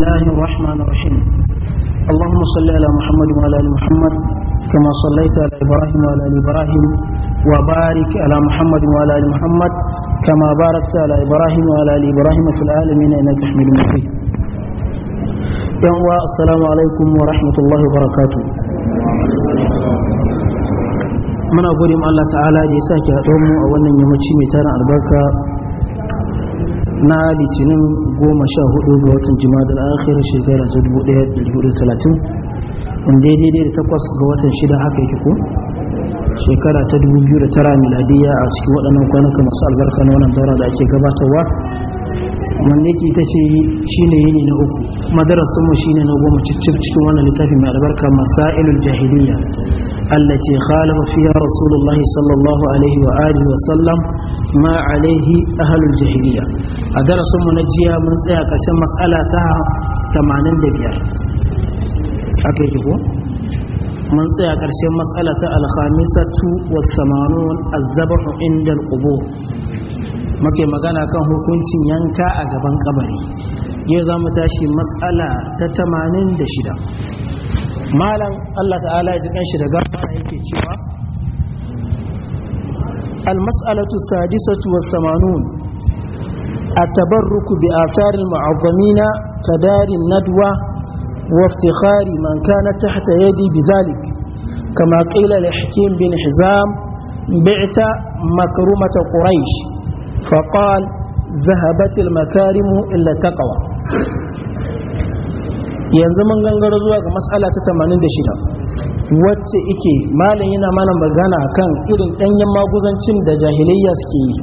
الله الرحمن الرحيم اللهم صل على محمد وعلى ال محمد كما صليت على ابراهيم وعلى ال ابراهيم وبارك على محمد وعلى ال محمد كما باركت على ابراهيم وعلى ال ابراهيم في العالمين انك حميد مجيد يوم السلام عليكم ورحمه الله وبركاته muna gode ma Allah ta'ala da ya sake haɗo mu a wannan yammaci mai tarin albarka na litinin goma sha hudu ga watan jima'ar akhir shekara ta 1430 wanda ya daidai da takwas ga watan shida haka yake ko shekara ta 2009 miladiya a cikin waɗannan kwanuka masu albarka na wannan daura da ake gabatarwa wanda yake ta ce shi ne yini na uku madarasin mu ne na goma cicif cikin wannan littafi mai albarka masailul jahiliya allah ce khalafa fiha rasulullahi sallallahu alaihi wa alihi wa sallam ma alaihi ahlul jahiliya a darasin mu na jiya mun tsaya ƙarshen matsala ta 85 aka yi ko? mun tsaya ƙarshen matsala ta alhamisatu wa samanun azabahu inda al'ubo muke magana kan hukuncin yanka a gaban kabari yau za mu tashi matsala ta 86 malam allah ta'ala ya ji kanshi da gaba yake cewa al-mas'alatu sadisatu was samanun التبرك بآثار المعظمين كدار الندوة وافتخار من كان تحت يدي بذلك كما قيل لحكيم بن حزام بعت مكرمة قريش فقال ذهبت المكارم إلا تقوى yanzu mun gangara zuwa ga matsala ta tamanin da shida wacce ike malin yana mana magana kan irin ɗanyen maguzancin da jahiliyya suke yi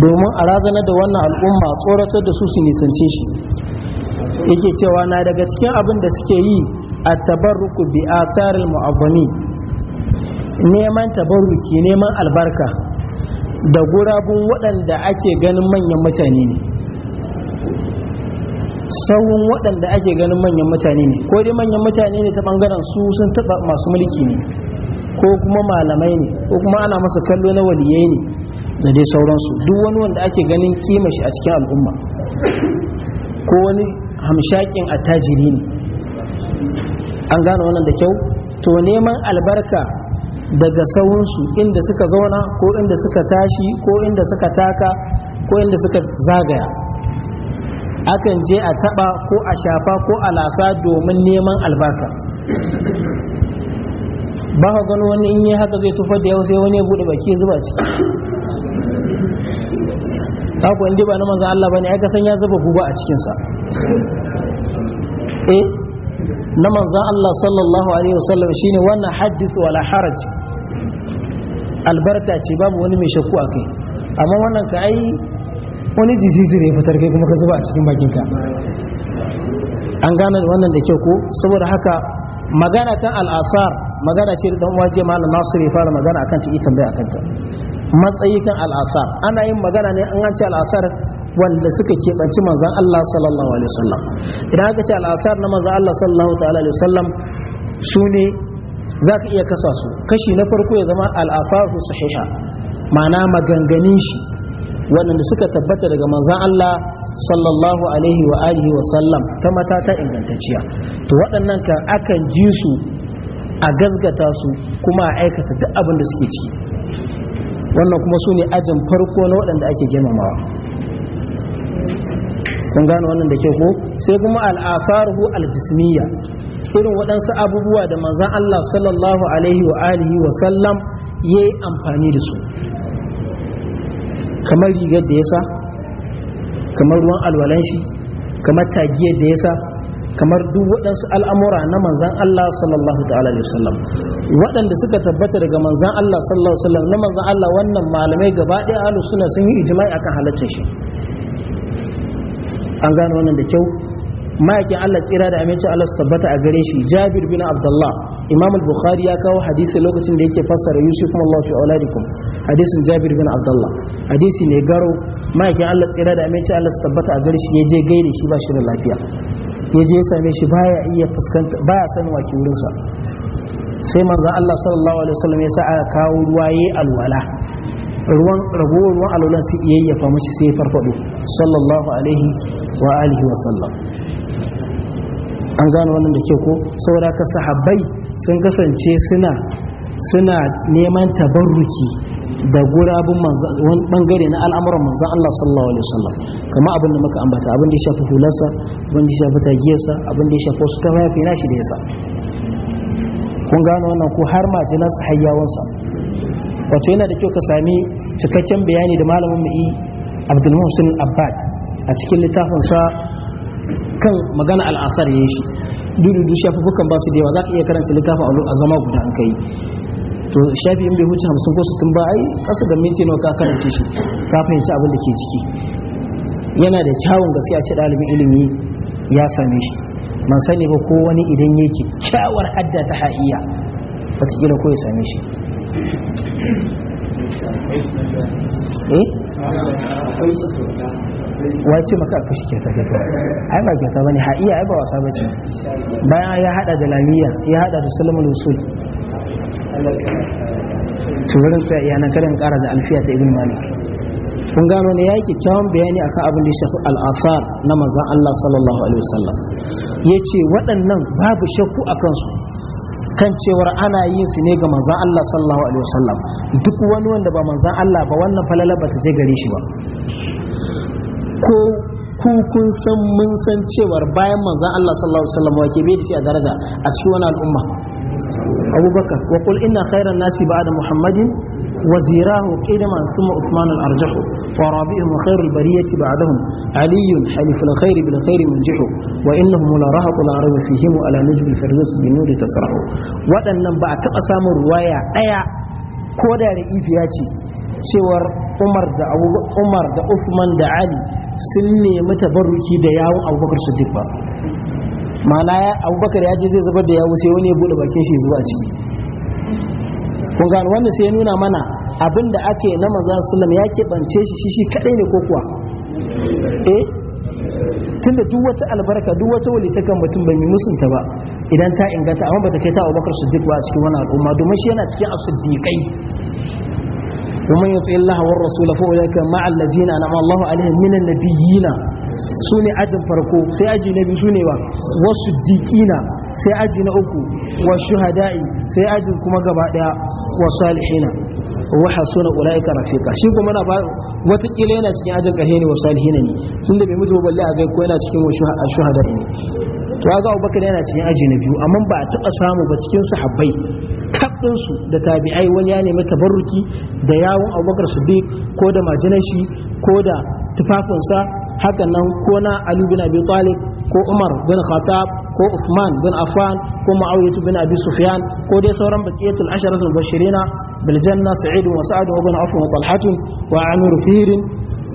domin a razanar da wannan al'umma tsoratar da su su nisance shi yake cewa na daga cikin abin da suke yi a tabarruku bi asarin mu'azzami neman tabarruki neman albarka da gurabun waɗanda ake ganin manyan mutane ne sauwun waɗanda ake ganin manyan mutane ne ko dai manyan mutane ne ta ɓangaren su sun taɓa masu mulki ne ko kuma malamai ne ko kuma ana masa kallo na waliyai ne da dai sauransu duk wani wanda ake ganin kima shi a cikin al'umma ko wani hamshakin attajiri ne an gane wannan da kyau to neman albarka daga sauransu inda suka zauna ko inda suka tashi ko inda suka taka ko inda suka zagaya akan je a taba ko a shafa ko a lasa domin neman albarka ba ka gano wani in yi haka zai tufar da yau sai wani ya bude baki ya zuba ciki haka inda ba na maza Allah ba ne aka san ya zuba guba a cikinsa eh na maza Allah sallallahu alaihi wasallam ne wannan haddith wala haraj albarka ce babu wani mai shakku a kai amma wannan ka ai wani disease ne fitar kai kuma ka zuba a cikin bakinka an gane wannan da kyau ko saboda haka magana kan al'asar magana ce dan uwa je malam Nasir ya fara magana akan ta ita bai akan ta matsayi kan al'asar ana yin magana ne an an ce al'asar wanda suka keɓanci manzan Allah sallallahu alaihi wasallam idan aka ce al'asar na manzan Allah sallallahu ta'ala alaihi wasallam su ne za ka iya kasa su kashi na farko ya zama al'asaru sahiha ma'ana maganganin shi waɗanda suka tabbata daga manzan Allah sallallahu alaihi wa alihi wa sallam ta matata ingantacciya to waɗannan kan akan ji su a gazgata su kuma a aikata duk abin da suke ci wannan kuma su ne ajin farko na waɗanda ake girmamawa kun gano wannan da ke ko sai kuma al'afaruhu aljismiya irin waɗansu abubuwa da manzan Allah sallallahu alaihi wa alihi wa sallam ya yi amfani da su kamar rigar da ya sa kamar ruwan alwalan kamar tagiyar da ya sa kamar duk waɗansu al'amura na manzan Allah sallallahu alaihi wasallam waɗanda suka tabbata daga manzan Allah sallallahu alaihi wasallam na manzan Allah wannan malamai gaba ɗaya alu suna sun yi a kan halaccin shi an gano wannan da kyau ma'aikin Allah tsira da aminci Allah su tabbata a gare shi Jabir bin Abdullah Imam al-Bukhari ya kawo hadisi lokacin da yake fassara Yusuf Allah fi auladikum hadisin Jabir bin Abdullah hadisi ne garo ma'aikin Allah tsira da aminci Allah su tabbata a gare shi ya je gaida shi ba shi da lafiya ya je ya same shi baya iya fuskanta baya sanin waki wurinsa sai manzo Allah sallallahu alaihi wasallam ya sa aka kawo ruwa yayi alwala ruwan ragowar ruwan alwalan sai yayyafa mashi sai ya farfado sallallahu alaihi wa alihi wa sallam an gano wannan da ke ko saboda ka sahabbai sun kasance suna suna neman tabarruki da gurabun wani bangare na al'amuran manzan Allah sallallahu alaihi wasallam kama abin da muka ambata abin da ya shafi hulansa abin da ya shafi tagiyarsa abin da ya shafi wasu kafafi na shi da yasa kun gano wannan ko har ma jina su hayyawansa wato yana da kyau ka sami cikakken bayani da malamin yi abdul muhsin abbad a cikin littafinsa kan magana al'asar ya yi shi dudu shafukan ba su da yawa za ka iya karanta littafin a zama guda an kai to shafi in bai huce hamsin ko sittin ba ai kasa da minti nawa ka karance shi ka fahimci abin da ke ciki yana da kyawun gaskiya ce ɗalibin ilimi ya same shi man sani ba ko wani idan ya kyawar hadda ta ha'iya wataƙila ko ya same shi eh? wace maka a kashi kyauta kyauta ai ba kyauta bane ha'iya ai ba wasa bace bayan ya hada da lamiya ya hada da sulmul usul to wurin sai iyana karin kara da alfiya ta ibn malik kun gano ne ya yi kyakkyawan bayani akan abin da ya shafi al'asar na manzan Allah sallallahu alaihi wasallam ya ce waɗannan babu shakku a kansu kan cewar ana yin su ne ga manzan Allah sallallahu alaihi wasallam duk wani wanda ba manzan Allah ba wannan falala ba ta je gare shi ba ko ku kun san mun san cewar bayan manzan Allah sallallahu alaihi wasallam wake bai da shi a daraja a cikin wani al'umma abubakar wa qul inna khairan nasi ba'da muhammadin wa zirahu qidaman thumma usman al arjahu wa rabi'uhum khairul bariyati ba'dahum aliyun haliful khairi bil khairi munjihu wa innahum la rahatul ardi fihim ala nujbil firdaus bi nuri tasrahu wadannan ba a taba samun ruwaya daya ko da ra'ifiya ce cewar umar da umar da usman da ali sun nemi tabarruki da yawun abubakar siddiq ba ma'ana abubakar ya ce zai zubar da yawo sai wani ya bude bakin shi zuwa ciki kun gano sai ya nuna mana abin da ake na maza sallam ya keɓance shi shi shi kaɗai ne ko kuwa eh tunda duk wata albarka duk wata kan mutum ban yi musunta ba idan ta inganta amma bata kai ta abubakar siddiq ba a cikin wani al'umma domin shi yana cikin asuddiƙai ومن يطع الله والرسول فاولئك مع الذين انعم الله عليهم من النبيين su ne ajin farko sai aji na biyu su ne ba wasu dikina sai aji na uku wa shuhada'i sai ajin kuma gaba daya wa salihina wa hasuna ulaika rafiqa shi kuma na ba wata kila yana cikin ajin ƙarhe ne wa salihina ne tunda bai mutu balle a ga ko yana cikin shuhada'i ne to ga Abubakar yana cikin aji na biyu amma ba a taba samu ba cikin sahabbai kaɗin su da tabi'ai wani ya nemi tabarruki da yawun Abubakar Siddiq ko da majinashi ko da tufafinsa haka nan ko na Ali bin Abi Talib ko Umar bin Khattab ko Uthman bin Affan ko Muawiyah bin Abi Sufyan ko dai sauran baqiyatul asharatul bashirina bil janna Sa'id wa Sa'd wa Ibn Affan wa Talhatun wa Amir Firin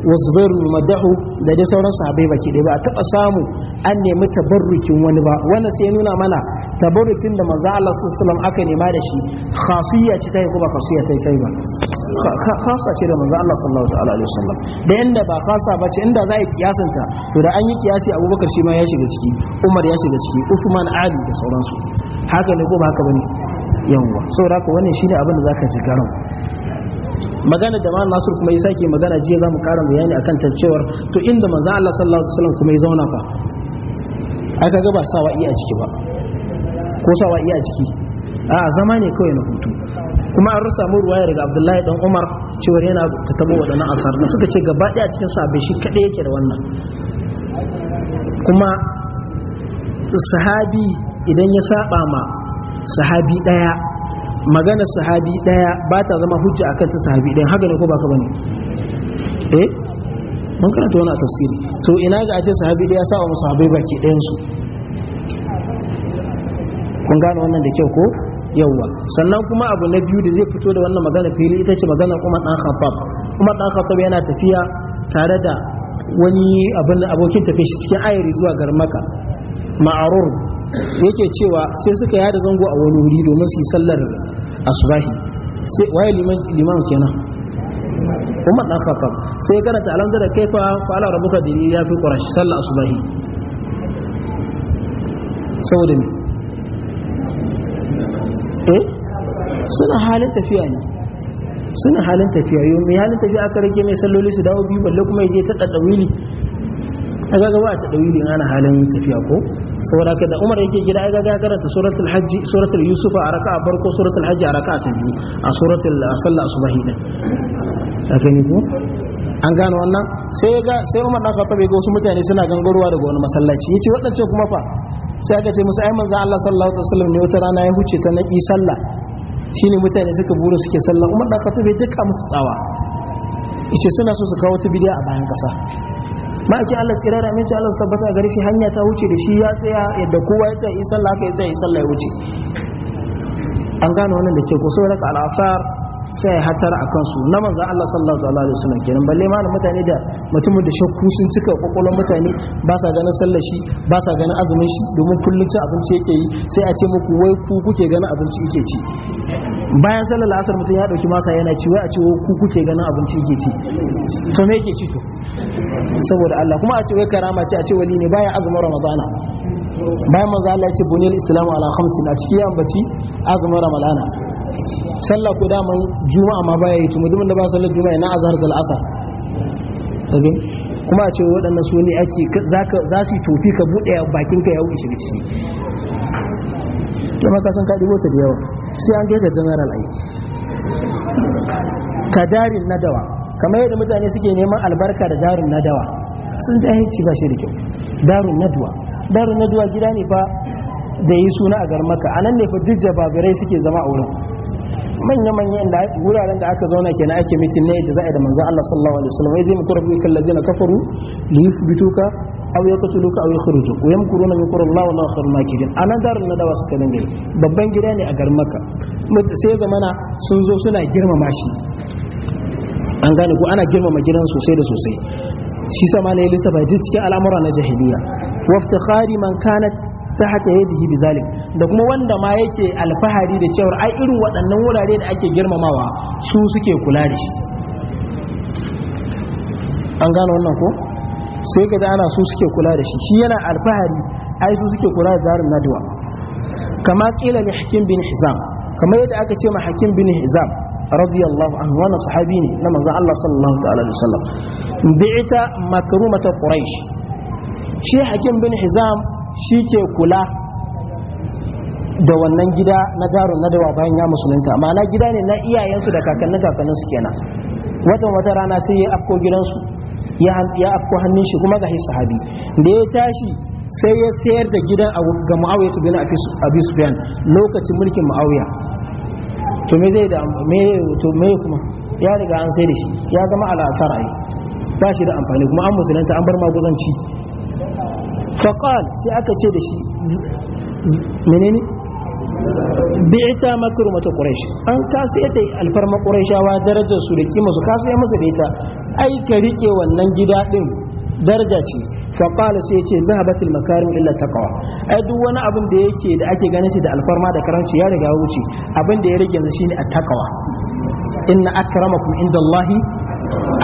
wa madahu da dai sauran sahabbai baki ɗaya ba a taɓa samu an nemi tabarrukin wani ba wannan sai nuna mana tabarrukin da manzo Allah sallallahu alaihi aka nema da shi khasiyya ce ta yi ba khasiyya ta yi ba khasa ce da manzo Allah sallallahu alaihi wasallam da inda ba khasa ba ce inda za a yi ta to da an yi kiyasi Abubakar shi ma ya shiga ciki Umar ya shiga ciki Uthman Ali da sauransu haka ne ko ba haka bane yawa saboda haka wannan shine abin da zaka ji garan magana da malam nasir kuma ya sake magana jiya za mu ƙara bayani akan ta cewar to inda manzo Allah sallallahu alaihi wasallam kuma ya zauna fa ai kaga ba sawa iya jiki ba ko sawa iya jiki a zama ne kawai na hutu kuma an rusa mu ruwaya daga Abdullahi dan Umar cewa yana ta tabo wadannan asar da suka ce gaba daya cikin sahabbai shi kadai yake da wannan kuma sahabi idan ya saba ma sahabi daya magana sahabi daya ba ta zama hujja akan ta sahabi ɗaya. haka ne ko baka bane eh mun karanta wani a tafsiri to ina za a ce sahabi daya sa wa sahabbai baki ɗayan su kun gane wannan da kyau ko yawwa sannan kuma abu na biyu da zai fito da wannan magana fili ita ce magana kuma dan khafaf kuma dan khattab yana tafiya tare da wani abin abokin tafi shi cikin ayari zuwa garmaka ma'arur yake cewa sai suka yada zango a wani wuri domin su yi sallar asubahi sai waye liman liman kenan Umar dan Khattab sai karanta alamdar da kaifa fa ala rabbuka dini ya fi qurashi sallar asubahi saboda ne eh suna halin tafiya ne suna halin tafiya yau mai halin tafiya aka rage mai salloli su dawo biyu balle kuma ya je ta ɗaɗɗawili a gaba a ta ɗawili ana halin tafiya ko saboda haka da Umar yake gida ai ga karanta suratul hajji suratul yusuf a raka'a farko suratul hajji a raka'a ta biyu a suratul sallah subhi da kake ni ko an gano wannan sai ga sai Umar dan Khattab ga wasu mutane suna gangarowa daga wani masallaci yace waɗancan kuma fa sai aka ce musu ai manzo Allah sallallahu alaihi wasallam ne wata rana ya huce ta naki sallah shine mutane suka buru suke sallah Umar dan Khattab duka musu tsawa yace suna so su kawo ta bidiya a bayan kasa ma'aikin Allah tsirar aminci Allah su tabbata gari shi hanya ta wuce da shi ya tsaya yadda kowa ya tsaya isan laka ya tsaya isan ya wuce an gane wannan da ke ko sai raka al'asar sai ya hatar a kansu na manzan Allah sallallahu alaihi wasallam kenan balle ma na mutane da mutumin da shakku sun cika kokolon mutane ba sa ganin sallar shi ba sa ganin azumin shi domin kullum cin abinci yake yi sai a ce muku wai ku kuke ganin abinci yake ci bayan sallar asar mutum ya dauki masa yana ci wai a ce ku kuke ganin abinci yake ci to me yake ci to saboda Allah kuma a ce wai karama ce a ce wali ne bayan azumin ramadana bayan manzo Allah ya ce buniyal islamu ala khamsin a cikin ya bacci azumin ramadana sallah ko da man juma'a ma baya yi tumu da ba sallar juma'a na azhar da asar kaga kuma a ce waɗannan su ne ake zaka za su tofi ka bude bakin ka ya wuce shi ciki kuma ka san ka dibo ta da yawa sai an gaje general ai kadarin nadawa kamar yadda mutane suke neman albarka da darun nadawa sun hanci ba shi da kyau darun naduwa darun naduwa gida ne fa da yi suna a garmaka a nan ne fa duk jababirai suke zama a wurin manya-manyan da wuraren da aka zauna kenan ake mitin ne da za a yi da manzon Allah sallallahu alaihi wasallam zai muku rabu kan lazina kafaru li yuthbituka aw yaqtuluka aw yukhrijuk wa yamkuruna yukuru Allah wallahu khairul makidin anan darun nadawa suka nan ne. babban gida ne a garin mutu sai zamana sun zo suna girmama shi an gane ko ana girmama gidan sosai da sosai shi sama ne ba duk cikin al'amura na jahiliya waftikhari man kanat ta hata yadihi bi zalim da kuma wanda ma yake alfahari da cewar ai irin waɗannan wurare da ake girmamawa su suke kula da shi an gane wannan ko sai ka ana su suke kula da shi shi yana alfahari ai su suke kula da zarin nadwa kama kila li hakim bin hizam kamar yadda aka ce ma hakim bin hizam radiyallahu anhu wannan sahabi ne na manzon Allah sallallahu ta'ala alaihi wasallam bi'ita makrumata quraish shi hakim bin hizam shi ke kula da wannan gida na jarin na dawa bayan ya musulunta ma'ana gida ne na iyayensu da kakannin kakanninsu kenan watan wata rana sai ya afko gidansu ya afko hannun shi kuma ga sahabi da ya tashi sai ya sayar da gidan ga muawiya bin abi sufyan lokacin mulkin muawiya to me zai da me to me kuma ya riga an sai da shi ya zama al'asar ai ba shi da amfani kuma an musulunta an bar maguzanci faqal sai aka ce da shi menene bi'ta makrumata quraish an sai yadda alfarma quraishawa darajar su da kima su kasu ya musu da ita ai ka rike wannan gida din daraja ce faƙala sai ce zahabatul makarim illa taqwa ai duk wani abin da yake da ake ganin shi da alfarma da karanci ya riga wuce abin da ya rage yanzu shine at-taqwa inna akramakum indallahi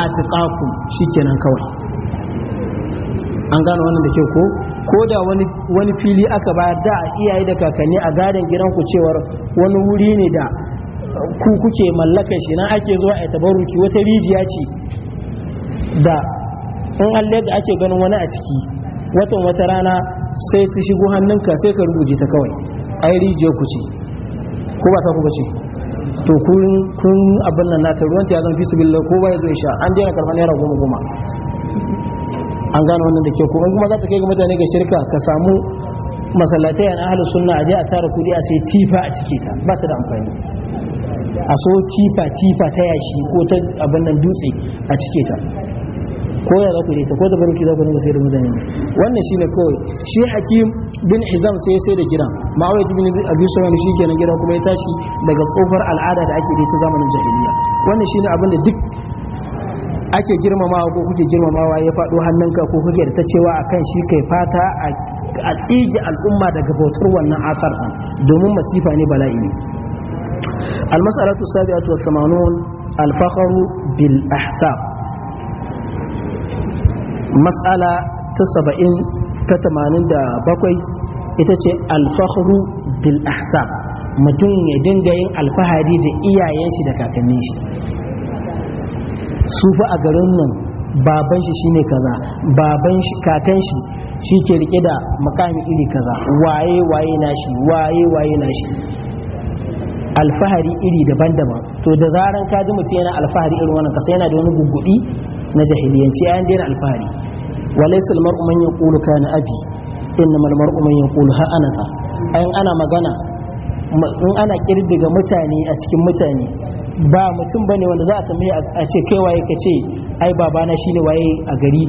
atqakum shikenan kawai an gano wannan da kyau ko ko da wani fili aka bayar da iyaye da kakanni a gadon gidanku cewar wani wuri ne da ku kuke mallakar shi nan ake zuwa a tabaruki wata rijiya ce da in Allah da ake ganin wani a ciki watan wata rana sai ta shigo hannunka sai ka rubuce ta kawai ai rijiyo ku ce ko ba ta ku bace to kun kun abin nan nata ruwan ta zan fi su billah ko ba ya zo insha an daina karban naira goma goma an gane wannan da ke ko kuma za ta kai ga mutane ga shirka ka samu masallatai a ahlus sunna a je a tara kudi a sai tifa a cike ta ba ta da amfani a so tifa tifa ta yashi ko ta abin nan dutse a cike ta ko ya za ku ta ko da baruki za ku dinga da mutane wannan shine kawai shi hakim bin hizam sai sai da gidan ma'awai bin abi sulaiman shi kenan gida kuma ya tashi daga tsofar al'ada da ake da ita zamanin jahiliya wannan shine abin da duk ake girmamawa ko kuke girmamawa ya faɗo hannunka ko kuke da ta cewa akan shi kai fata a tsige al'umma daga bautar wannan asar ɗin domin masifa ne bala'i ne المسألة السابعة والثمانون الفخر بالأحساب matsala ta saba'in ta tamanin da bakwai ita ce alfahru bil ahsab mutum ya dinga yin alfahari da iyayen shi da kakannin shi su fa a garin nan baban shi shine kaza baban shi kakan shi shi ke rike da makami iri kaza waye waye nashi waye waye nashi alfahari iri daban-daban to da zaran ka ji mutum yana alfahari irin wannan kasa yana da wani gugudi na jahiliyanci an daina alfahari walaysa almar'u man yaqulu kana abi innama almar'u man yaqulu ha ana fa ayin ana magana in ana kirdiga mutane a cikin mutane ba mutum bane wanda za a tambaye a ce kai waye ka ce ai babana shine waye a gari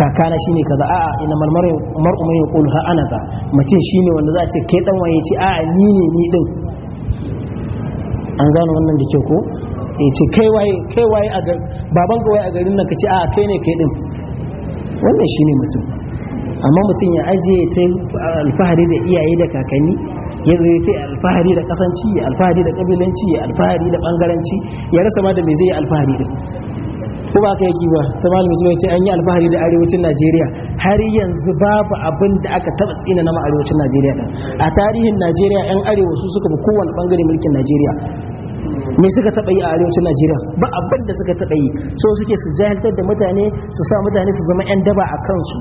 kakana shine kaza a'a ina marmar mar'u man yaqulu ha ana za mutum shine wanda za a ce kai dan waye ce a'a ni ne ni din an gano wannan da ke ko ya ce kai waye a garin baban kawai waye a garin nan ka ce a kai ne kai din wannan ne mutum amma mutum ya ajiye ta alfahari da iyaye da kakanni ya zai ta alfahari da kasanci ya alfahari da kabilanci ya alfahari da bangaranci ya rasa ma da me zai yi alfahari da ko ba ka yi ba ta malamin sun ce an yi alfahari da arewacin najeriya har yanzu babu abin da aka taba tsina na arewacin najeriya a tarihin najeriya yan arewa su suka bi kowane bangare mulkin najeriya me suka taɓa yi a arewacin najeriya ba abin da suka taɓa yi so suke su jahiltar da mutane su sa mutane su zama 'yan daba a kansu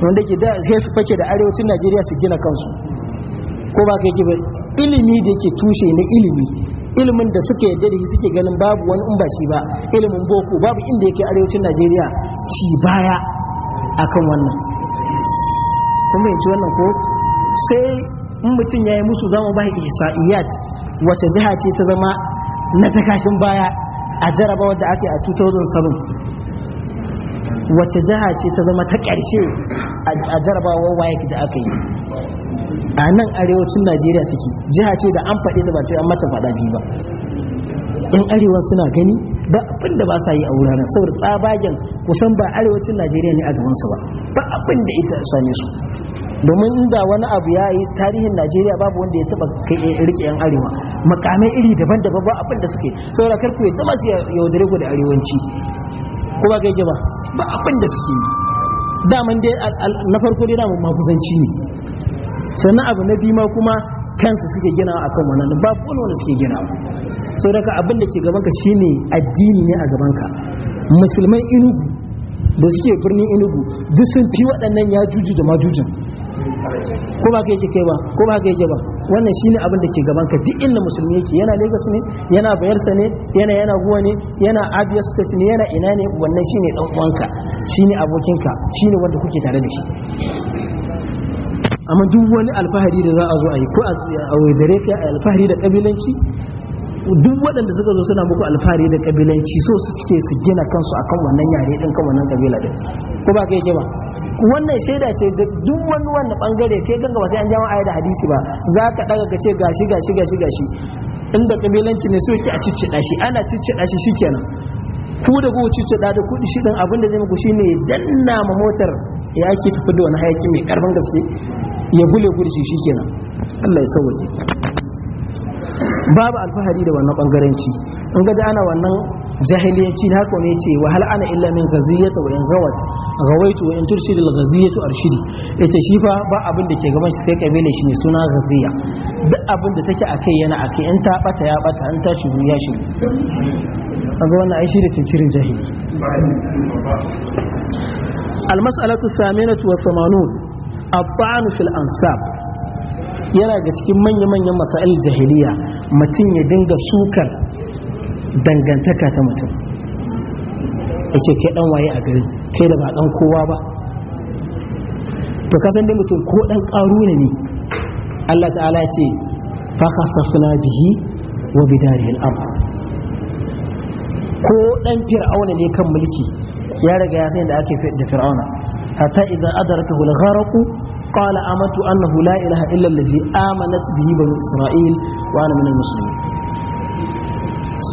wanda ke da sai su fake da arewacin najeriya su gina kansu ko ba kai ba ilimi da ke tushe na ilimi ilimin da suka yadda da suke ganin babu wani in ba shi ba ilimin boko babu inda yake arewacin najeriya shi baya akan wannan kuma yanci wannan ko sai in mutum ya yi musu zama ba ihsa'iyat wace jiha ce ta zama na takashin baya a jaraba wadda ake a 2007 wace jiha ce ta zama ta ƙarshe a jarabawar wayek da aka yi a nan arewacin najeriya take jiha ce da an faɗi da ba ce an mata faɗa biyu ba yan arewa suna gani ba abin da ba sa yi a wuraren saboda tsabagen kusan ba arewacin najeriya ne a gabansu ba ba abin da ita same su domin inda wani abu ya yi tarihin najeriya babu wanda ya taba eh, rike yan arewa makamai iri daban-daban ba abin da suke saboda karku ya zama su yaudare ku da arewanci ko ba gaje ba ba abin da suke yi daman dai na farko dai namun makusanci ne sannan abu na biyu ma kuma kansu suke gina a kan wannan ba kuma wanda suke gina sau daga abin da ke gabanka shine addini ne a gabanka musulman inugu da suke birnin inugu duk sun fi waɗannan ya juju da majujin ko ba ka yake kai ba ko ba ka yake ba wannan shine abin da ke gaban ka duk inda musulmi yake yana Lagos ne yana Bayelsa ne yana yana Guwa ne yana Abia State ne yana ina ne wannan shine dan uwanka shine abokinka shine wanda kuke tare da shi amma duk wani alfahari da za a zo a yi ko a dare ka alfahari da kabilanci duk waɗanda suka zo suna muku alfahari da kabilanci so suke su gina kansu akan wannan yare din kan wannan kabila din ko ba ka yake ba wannan shaida ce da duk wani wanda bangare ke ganga ba sai an jama'a da hadisi ba za ka daga ka ce gashi gashi gashi gashi inda kabilanci ne so ki a ciccida shi ana ciccida shi shikenan ku da ku ciccida da kudi shi dan abin da zai muku shine danna ma motar ya ke tafi da wani hayaki mai karfin gaske ya gule gure shi shikenan Allah ya sauke babu alfahari da wannan bangaranci in ga ana wannan jahiliyanci na haka ne ce wa hal ana illa min gaziyatu wa in zawat gawaitu wa in turshid al arshidi yace shi fa ba abin da ke gaban shi sai kabila shi mai suna gaziya duk abin da take akai yana akai in ta bata ya bata in ta shiru ya shiru kaga wannan ai shi da tinkirin jahili al mas'alatu saminatu wa samanun at-ta'an fil ansab yana ga cikin manya-manyan masail jahiliya mutum ya dinga sukar dangantaka ta mutum ya ce kai dan waye a gari kai da ba dan kowa ba to kasan da mutum ko dan karu ne ne Allah ta'ala ce fa khasafna bihi wa bidarihi al ko dan fir'auna ne kan mulki ya riga ya san da ake fi da fir'auna hatta idan adrakahu al hula qala amantu annahu la ilaha illa allazi amanat bihi banu isra'il wa ana min al-muslimin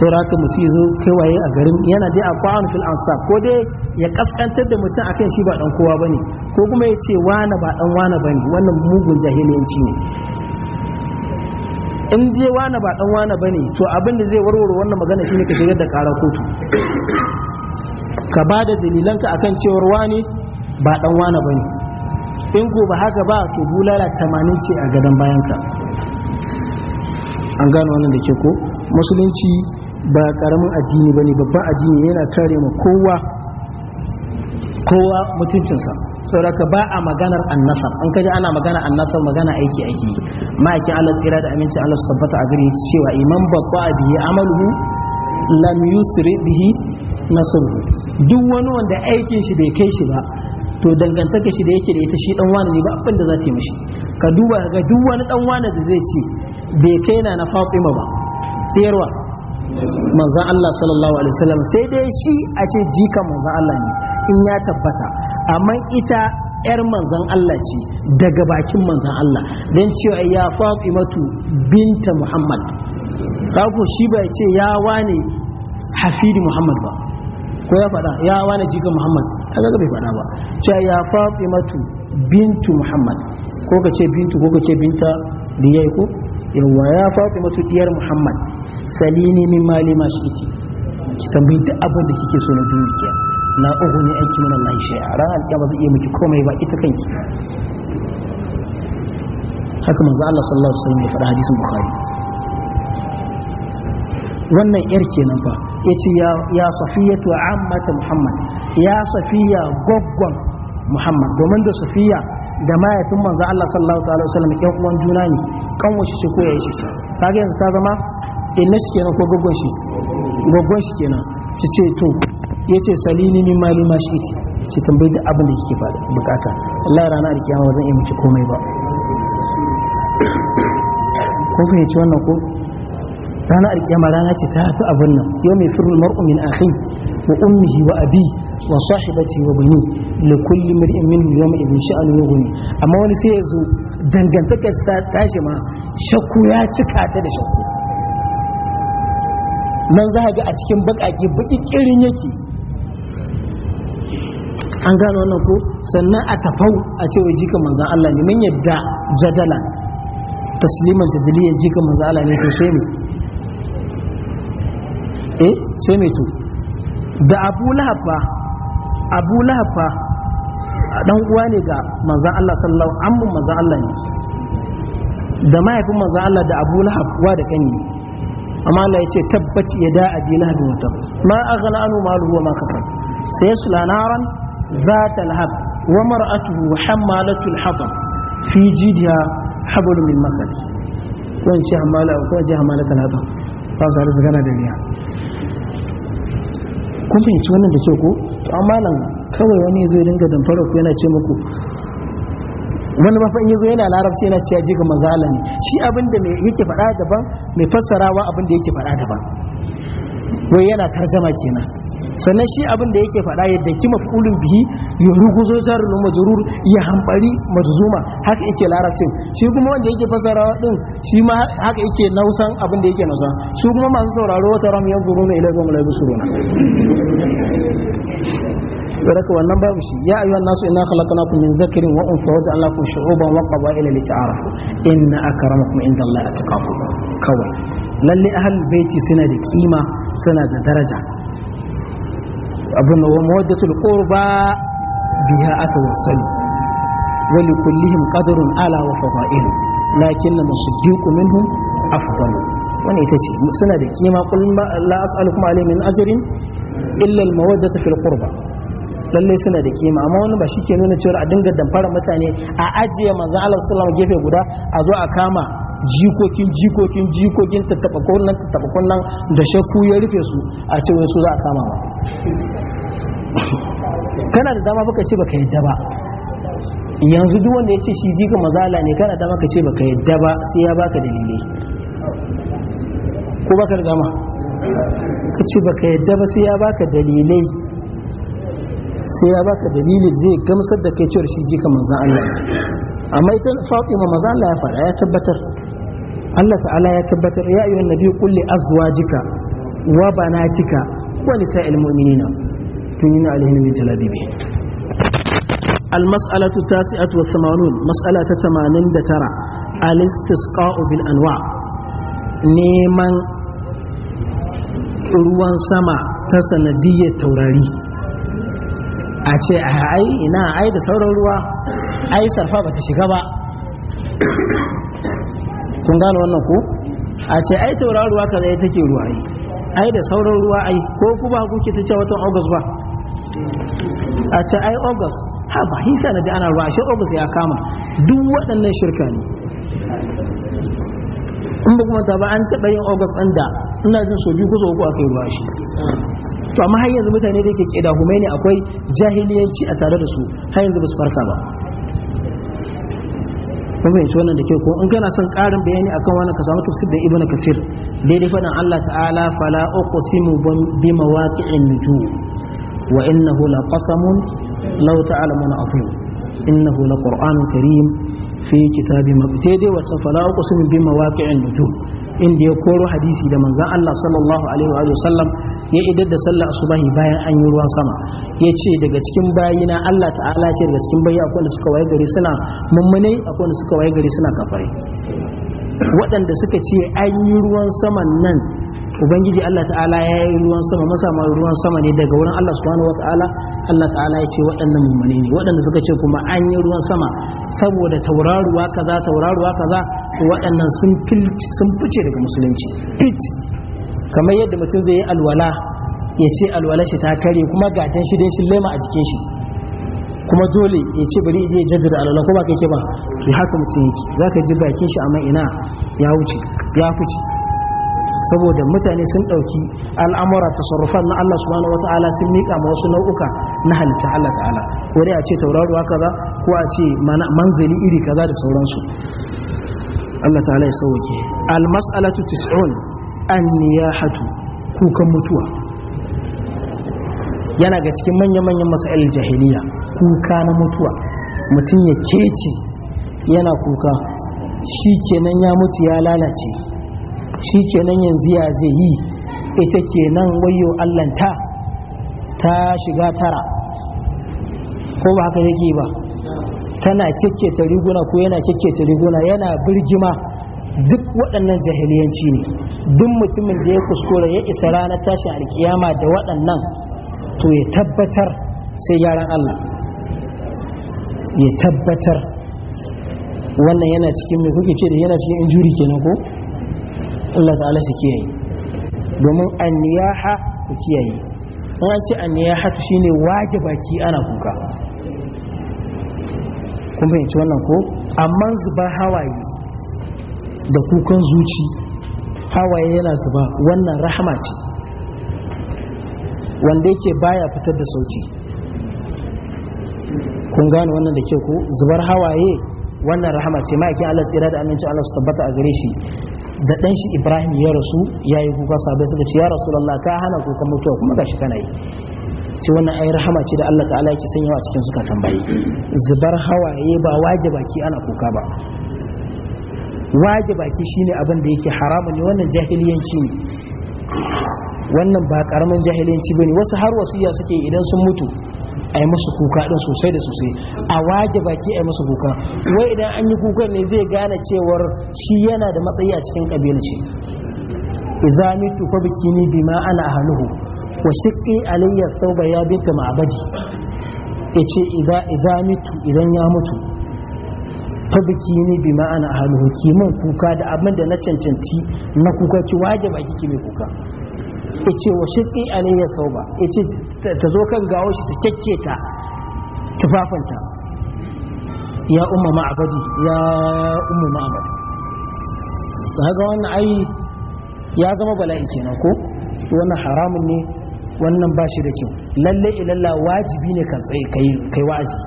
raka mutum ya zo kewaye a garin yana dai a ƙwa'an fil ansa ko dai ya kaskantar da mutum akan shi ba dan kowa bane ko kuma ya ce wane ba dan wane bane wannan mugun jahiliyanci ne in je wane ba dan wane bane to abin da zai warware wannan magana shine ka shigar da ƙara kotu ka ba da dalilanka akan cewar wane ba dan wane bane in ko ba haka ba to bulala tamanin ce a gadon bayanka an gano wannan da ke ko musulunci ba karamin addini bane babban addini yana kare mu kowa kowa mutuncinsa sauraka ba a maganar annasar an kaji ana magana annasar magana aiki aiki ma'aikin Allah tsira da aminci Allah su tabbata a gare cewa iman babba biye amalu lam yusri bihi nasruhu duk wani wanda aikin shi bai kai shi ba to dangantaka shi da yake da ita shi dan wani ne ba abin da za ta yi mishi ka duba ga duk wani dan wani da zai ce bai kai na na Fatima ba ɗayarwa manzan Allah sallallahu alaihi wasallam sai dai shi a ce jika manzan Allah ne in ya tabbata amma ita yar manzan Allah ce daga bakin manzan Allah don cewa ya Fatimatu binta Muhammad kako shi ba ce ya wane hafidi Muhammad ba ko ya faɗa ya wane jika Muhammad kaga bai faɗa ba ce ya Fatimatu bintu Muhammad ko ka ce bintu ko ka ce binta da yayi ko yawa ya Fatimatu diyar Muhammad salini min mali ma shi kike ki tambayi duk abin da kike so na duniya na uku ne aiki mana Allah shi a ran alƙiyama zai iya miki komai ba ita kanki haka manzo Allah sallallahu alaihi wasallam ya faɗa hadisin bukhari wannan yar kenan fa yace ya ya safiyatu ammat muhammad ya safiya goggon muhammad domin da safiya da mahaifin manzo Allah sallallahu alaihi wasallam ƴan uwan juna ne kan wace ce ko yayi shi kaga yanzu ta zama inna shi kenan ko gogon shi gogon shi kenan ta ce to ya ce salini min mali ma shi ce ci tambayi da abin da yake bukata Allah rana da kiyama zan iya miki komai ba ko fahimci wannan ko rana da kiyama rana ce ta hafi abin nan yau mai firul mar'u min akhi wa ummihi wa abi wa sahibati wa bani li kulli mar'in min yawma idin sha'anu yughni amma wani sai ya zo dangantaka ta tashi ma shakku ya cika ta da shakku nan za ga a cikin bakaki baki kirin yake an gano wannan ko sannan a tafau a cewa jika manzan Allah ne mun yadda jadala tasliman jadaliya jika manzan Allah ne sai sai ne eh sai ne to da Abu Lahab fa Abu Lahab fa dan uwa ne ga manzan Allah sallallahu alaihi wasallam manzan Allah ne da mahaifin manzan Allah da Abu Lahab wa da kani ne amma Allah ya ce tabbaci ya da'a dina bi wutar ma aghna anu maluhu wa ma kasab sayasla naran ذات لهب ومرأته حمالة الحطب في جيدها حبل من مسد وان شاء حمالة وكما جاء حمالة الحطب فاز على da دنيا kun fahimci wannan da kyau ko to amma nan kawai wani zai dinga damfara yana ce muku wani mafa in zo yana larabci yana cewa jika mazala ne shi abin da yake faɗa daban mai fassarawa abin da yake faɗa daban wai yana tarjama kenan sannan shi abin da yake faɗa yadda ki ulun bihi ya ruguzo jarul majurur ya hambari majzuma haka yake larabcin shi kuma wanda yake fasarawa din shi ma haka yake nausan abin da yake nausan su kuma masu sauraro wata ramiyar yanzuruna ila yawm la raka wannan babu shi ya ayyuhan nasu inna khalaqnakum min dhakarin wa unsa wa ja'alnakum shu'uban wa qaba'ila lita'arafu inna akramakum indallahi atqakum kawai lalle ahlul baiti suna da kima suna da daraja abun wa mawaddatul qurba biha atawassalu wa kullihim qadrun ala wa fada'ilu lakinna musaddiqu minhum afdalu wani ita ce suna da kima kullum la as'alukum alayhi min ajrin illa al mawaddatu fil qurba lallai suna da kima amma wani ba shi ke nuna cewa a dinga damfara mutane a ajiye manzan Allah sallallahu gefe guda a zo a kama jikokin jikokin jikokin tattaba kunnan tattaba kunnan da shakku ya rufe su a ce wai su za a kama ba kana da dama baka ce baka yadda ba yanzu duk wanda ya ce shi jika mazala ne kana dama ka ce baka yadda ba sai ya baka dalilai ko baka da dama ka ce baka yadda ba sai ya baka dalilai sai ya baka dalili zai gamsar da kai cewar shi jika manzan Allah amma ita Fatima manzan Allah ya faɗa ya tabbatar Allah ta'ala ya tabbatar ya ayyuhan nabi qul li azwajika wa banatika wa nisa'il mu'minina tunina alaihim min jalabibi المسألة التاسعة والثمانون مسألة تمانين دترى الاستسقاء anwa neman ruwan sama ta sanadiyyar taurari a ce ai ina ai da sauran ruwa ai sarfa ta shiga ba kun gano wannan ku? a ce ai ruwa ka zai take ruwa ai ai da sauran ruwa ai ko ku ba kuke ta ce watan august ba a ce ai august ha ba hisa na ji ana ruwa shi august ya kama duk waɗannan shirka ne in ba kuma ta ba an taɓa yin august ɗin da ina jin so biyu kusa uku aka ruwa shi to amma har yanzu mutane da ke keda humaini akwai jahiliyanci a tare da su har yanzu ba su farka ba kun fahimci wannan da ke ko in kana son karin bayani akan wannan ka samu tafsir da ibnu kafir daidai fadan Allah ta'ala fala uqsimu bi mawaqi'in nujum wa innahu laqasamun law ta'lamuna azim innahu laqur'anun karim fi kitabi mabtadi wa fala uqsimu bi mawaqi'in nujum inda ya koro hadisi da manzan Allah sallallahu alaihi wa ya idar da sallar asubahi bayan an yi ruwan sama ya ce daga cikin bayina Allah ta'ala ce daga cikin bayi akwai suka waye gari suna mummune akwai suka waye gari suna kafare waɗanda suka ce an yi ruwan saman nan ubangiji Allah ta'ala ya yi ruwan sama ma ruwan sama ne daga wurin Allah subhanahu wata'ala Allah ta'ala ya ce waɗannan mummuni ne waɗanda suka ce kuma an yi ruwan sama saboda tauraruwa kaza tauraruwa kaza waɗannan sun fice daga musulunci fit kamar yadda mutum zai yi alwala ya ce alwala shi ta kare kuma gatan shi dai shi lema a jikin shi kuma dole ya ce bari je jaddada alwala ko ba kai ke ba haka mutum yake zaka ji bakin shi amma ina ya wuce ya fice saboda mutane sun ɗauki al'amura tasarrufan na Allah subhanahu wa ta'ala sun miƙa ma wasu nau'uka na halitta Allah ta'ala ko dai a ce tauraruwa kaza ko a ce manzali iri kaza da sauransu Allah ta'ala ya sauke al-mas'alatu tis'un an-niyahatu kukan mutuwa yana ga cikin manya-manyan masail jahiliya kuka na mutuwa mutum ya keci yana kuka shi kenan ya mutu ya lalace shi kenan yanzu ya zai yi ita kenan wayo allanta ta shiga tara ko ba haka yake ba tana ta riguna ko yana ta riguna yana birgima duk waɗannan jahiliyanci ne duk mutumin da ya kuskura ya isa ranar tashin alkiyama da waɗannan to ya tabbatar sai yaran Allah ya tabbatar wannan yana cikin mai kuke ce da yana cikin injuri kenan ko Allah ta'ala su kiyaye domin anniyaha ku kiyaye in an ce anniyaha shine waje baki ana kuka kun fahimci wannan ko amma zuba hawaye da kukan zuci hawaye yana zuba wannan rahama ce wanda yake baya fitar da sauti kun gane wannan da ke ku zubar hawaye wannan rahama ce ma'aikin Allah tsira da aminci Allah su tabbata a gare shi da ɗan shi Ibrahim ya rasu ya yi kuka sabai suka ce ya rasu Rasulullah ka hana kukan mutuwa kuma gashi kana yi ce wannan ayi rahama ce da Allah ta'ala yake sanyawa cikin suka tambaye zubar hawaye ba waje baki ana kuka ba waje baki shine abin da yake haramun ne wannan jahiliyanci ne wannan ba karamin jahiliyanci ne wasu har wasu wasiya suke idan sun mutu a yi musu kuka ɗin sosai da sosai a waje baki a yi musu kuka wai idan an yi kukan ne zai gane cewar shi yana da matsayi a cikin ƙabila ce fa bikini bima ana ahluhu wa shiqqi aliyar sauba ya binta ma'abadi yace iza mi tu idan ya mutu fa bi bima ana ahluhu kimin kuka da abin da na cancanci na kuka ki waje baki ki mai kuka yace wa Ali alayya sauba ce ta zo kan gawo shi ta ta tufafanta ya umma ma'abadi ya umma ma'abadi wannan ai ya zama bala'i kenan ko wannan haramun ne wannan ba shi da kyau lalle ilalla wajibi ne ka tsaye kai kai wa'azi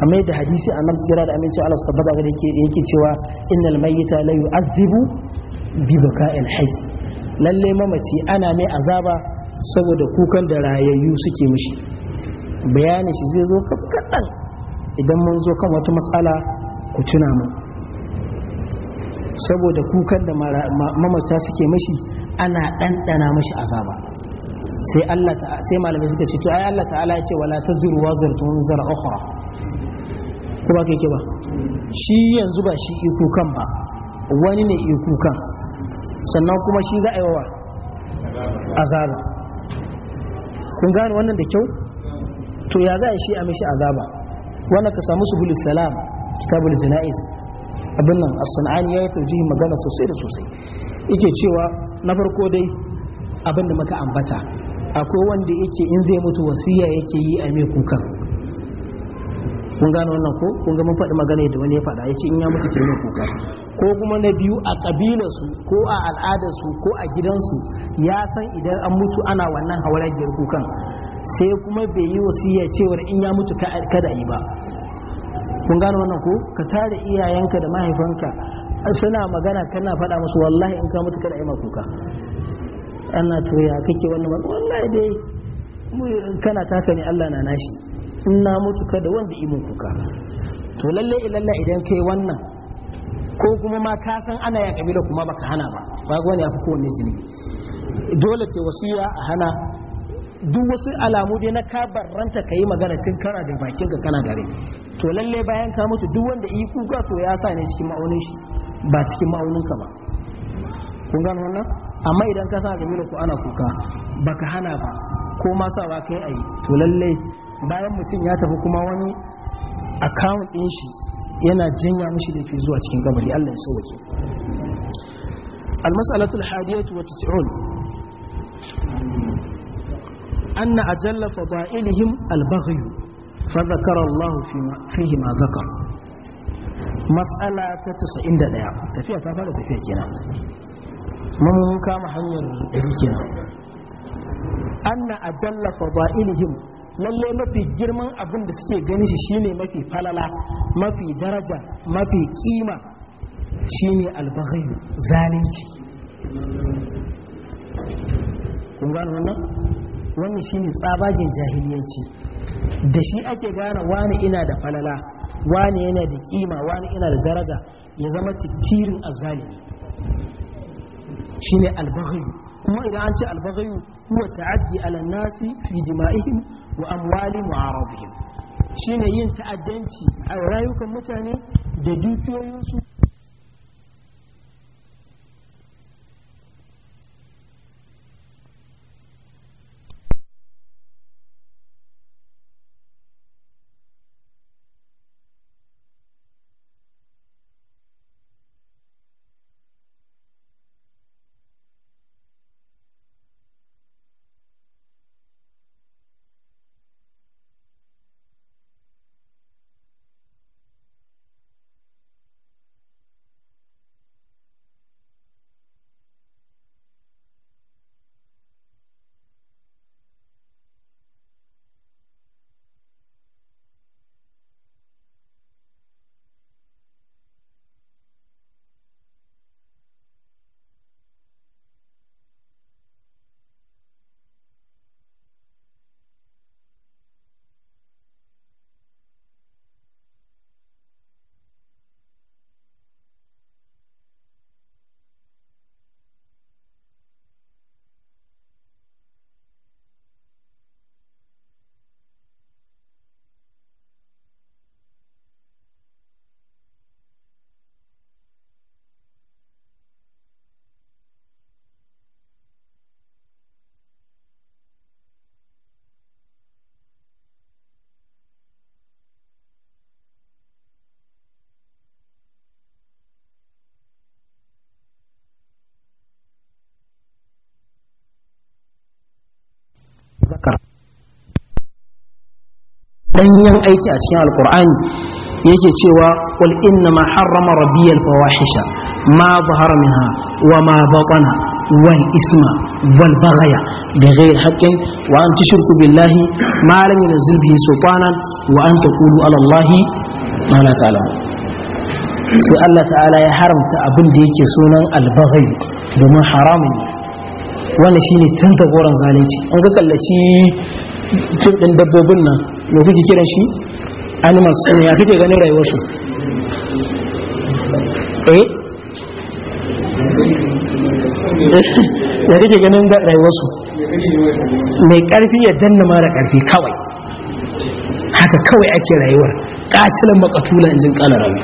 kamar yadda hadisi a nan tsira da aminci Allah subhanahu wa ta'ala yake cewa innal mayyita la yu'adhibu bi baka'il hayy lalle mamaci ana mai azaba saboda kukan da rayayyu suke mishi bayanin shi zai zo kaɗan idan mun zo kan wata matsala ku tuna mu saboda kukan da mamata suke mashi ana ɗanɗana mashi azaba sai Allah sai malamai suka ce to ai Allah ta'ala ya ce wala tazuru wa zartun zara ukhra ko ba kake ba shi yanzu ba shi kan ba wani ne kan sannan kuma shi za a yi wa azaba kun gane wannan da kyau to ya za a shi a mishi azaba wannan ka samu suhul salam kitabul jana'iz abin nan as ya yayi tawjihi magana sosai da sosai yake cewa na farko dai abin da muka ambata akwai wanda yake in zai mutu wasiya yake yi a mai kukan kun gane wannan ko kun ga mun faɗi magana da wani ya faɗa ya ce in ya mutu ke yin kuka ko kuma na biyu a su ko a al'adarsu ko a gidansu ya san idan an mutu ana wannan hawaragiyar kukan sai kuma bai yi wasiya cewar in ya mutu kada yi ba kun gane wannan ko ka tare iyayenka da mahaifanka suna magana kana faɗa musu wallahi in ka mutu kada yi ma kuka ana to ya kake wannan wallahi dai kana taka ne Allah na nashi in na mutu kada wanda imin kuka to lalle ilalla idan kai wannan ko kuma ma ka san ana ya kabila kuma baka hana ba ba ga wani fi kowanne zini dole ce wasiya a hana duk wasu alamu dai na ka barranta magana tun kana da bakin ka kana gare to lalle bayan ka mutu duk wanda yi kuka to ya sa ne cikin ma'aunin shi ba cikin ma'aunin ka ba kun gano wannan amma idan ka sa kabila ko ana kuka baka hana ba ko ma sawa kai ayi to lalle bayan mutum ya tafi kuma wani akawun ɗin shi yana janya mashi da ke zuwa cikin kabari allah ya sauwake almasalatul hadiyatu wa tis'un anna ajalla fadailihim albaghy fa zakara allah fihi ma zakar mas'ala ta 91 tafiya ta fara tafiya kenan mun kama hanyar kenan lalle mafi girman abin da suke gani shi shine mafi falala mafi daraja mafi kima shine ne zalunci kun gano wannan wannan shine tsabagen jahiliyanci da shi ake gane wani ina da falala wani yana da kima wani ina da daraja ya zama titirin Shi shine albaghayu kuma idan an ce albaghayu huwa ta'addi ala nasi fi dima'ihim wa amwalihim wa shine yin ta'addanci a rayukan mutane da dukiyoyinsu danyen aiki a cikin alkur'ani yake cewa wal inna ma harrama rabbiyal fawahisha ma zahara minha wa ma batana wal isma wal baghaya bi ghairi haqqin wa an tushriku billahi ma lam yunzil bihi sultanan wa an taqulu ala allahi ma la sai Allah ta'ala ya haramta abin da yake sunan albaghai domin haramun ne shi ne tanta goron zalunci an ga kallaci fim ɗin dabbobin nan me kuke kiran shi animals ne ya kake ganin rayuwar su eh ya kake ganin rayuwar su mai karfi ya danna mara ƙarfi kawai haka kawai ake rayuwar katilan makatula injin kala rayu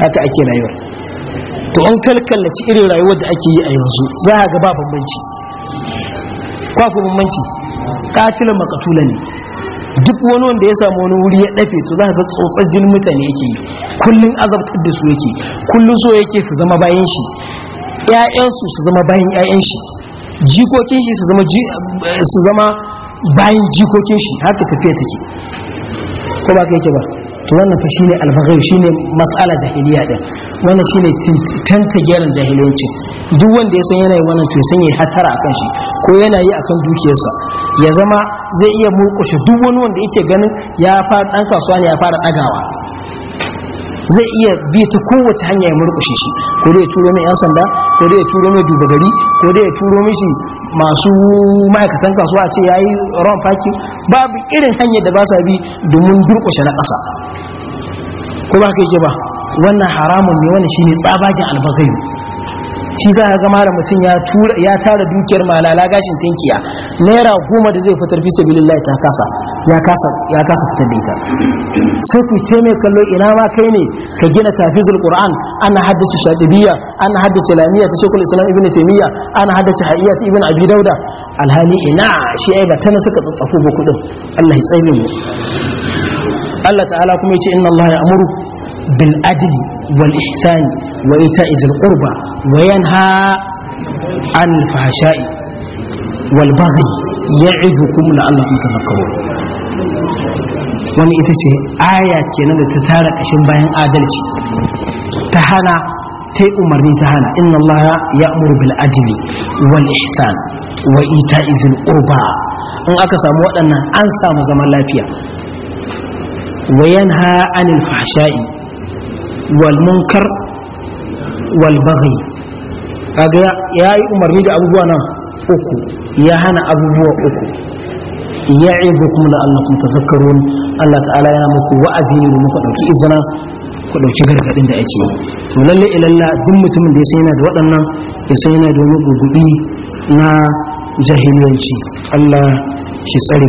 haka ake rayuwar to an kalkallaci irin rayuwar da ake yi a yanzu za a ga ba bambanci kwa ku bambanci katilin makatula ne duk wani wanda ya samu wani wuri ya dafe to za ga tsotsar jin mutane yake yi kullun azabtar da su yake kullun so yake su zama bayan shi ƴaƴansu su zama bayan ƴaƴan shi jikokin shi su zama bayan jikokin shi haka tafiya take ko ba ka yake ba to wannan fa shine albaghi shine mas'ala jahiliya din wannan shine tanta gyaran jahilanci duk wanda ya san yana yi wannan to ya san yayi hatara akan shi ko yana yi akan dukiyarsa ya zama zai iya murkushe duk wani wanda yake ganin ya fara dan kasuwa ne ya fara dagawa zai iya bi ta kowace hanya ya murkushe shi ko dai ya turo mai yan sanda ko dai ya turo mai duba gari ko dai ya turo mishi masu ma'aikatan kasuwa ce yayi ron faki babu irin hanyar da ba sa bi domin durkushe na ƙasa ko ba ka yi ba wannan haramun ne wannan shine tsabagen albagai shi za ka gama da mutum ya tara dukiyar malala gashin tinkiya naira goma da zai fitar fi sabilillahi ta kasa ya kasa fitar da ita sai ku ce mai kallo ina ma kai ne ka gina tafizul qur'an ana haddace shadibiyya ana haddace lamiya ta shekul islam ibnu taymiya ana haddace hayya ta ibnu abi dauda alhali ina shi ai ta tana suka tsatsafo ba kudin Allah ya tsare mu Allah ta'ala kuma yace inna Allah ya'muru bil adli wal ihsani wa ita'i dhil qurba wa yanha anil fahsha'i wal baghi ya'idukum la'allakum tadhakkarun wani ita ce aya kenan da ta tara kashin bayan adalci ta hana ta yi umarni ta hana inna Allah ya'muru bil adli wal ihsan wa ita'i dhil qurba in aka samu waɗannan an samu zaman lafiya وينهى عن الفحشاء والمنكر والبغي kaga ya yi umarni da abubuwa na uku ya hana abubuwa uku ya izu kuma da Allah kuma tazakkarun Allah ta'ala yana muku wa'azi ne muku dauki izina ku dauki gargadin da ake to lalle ilalla duk mutumin da ya san yana da waɗannan ya san yana da wani gugubi na jahiliyanci Allah shi tsare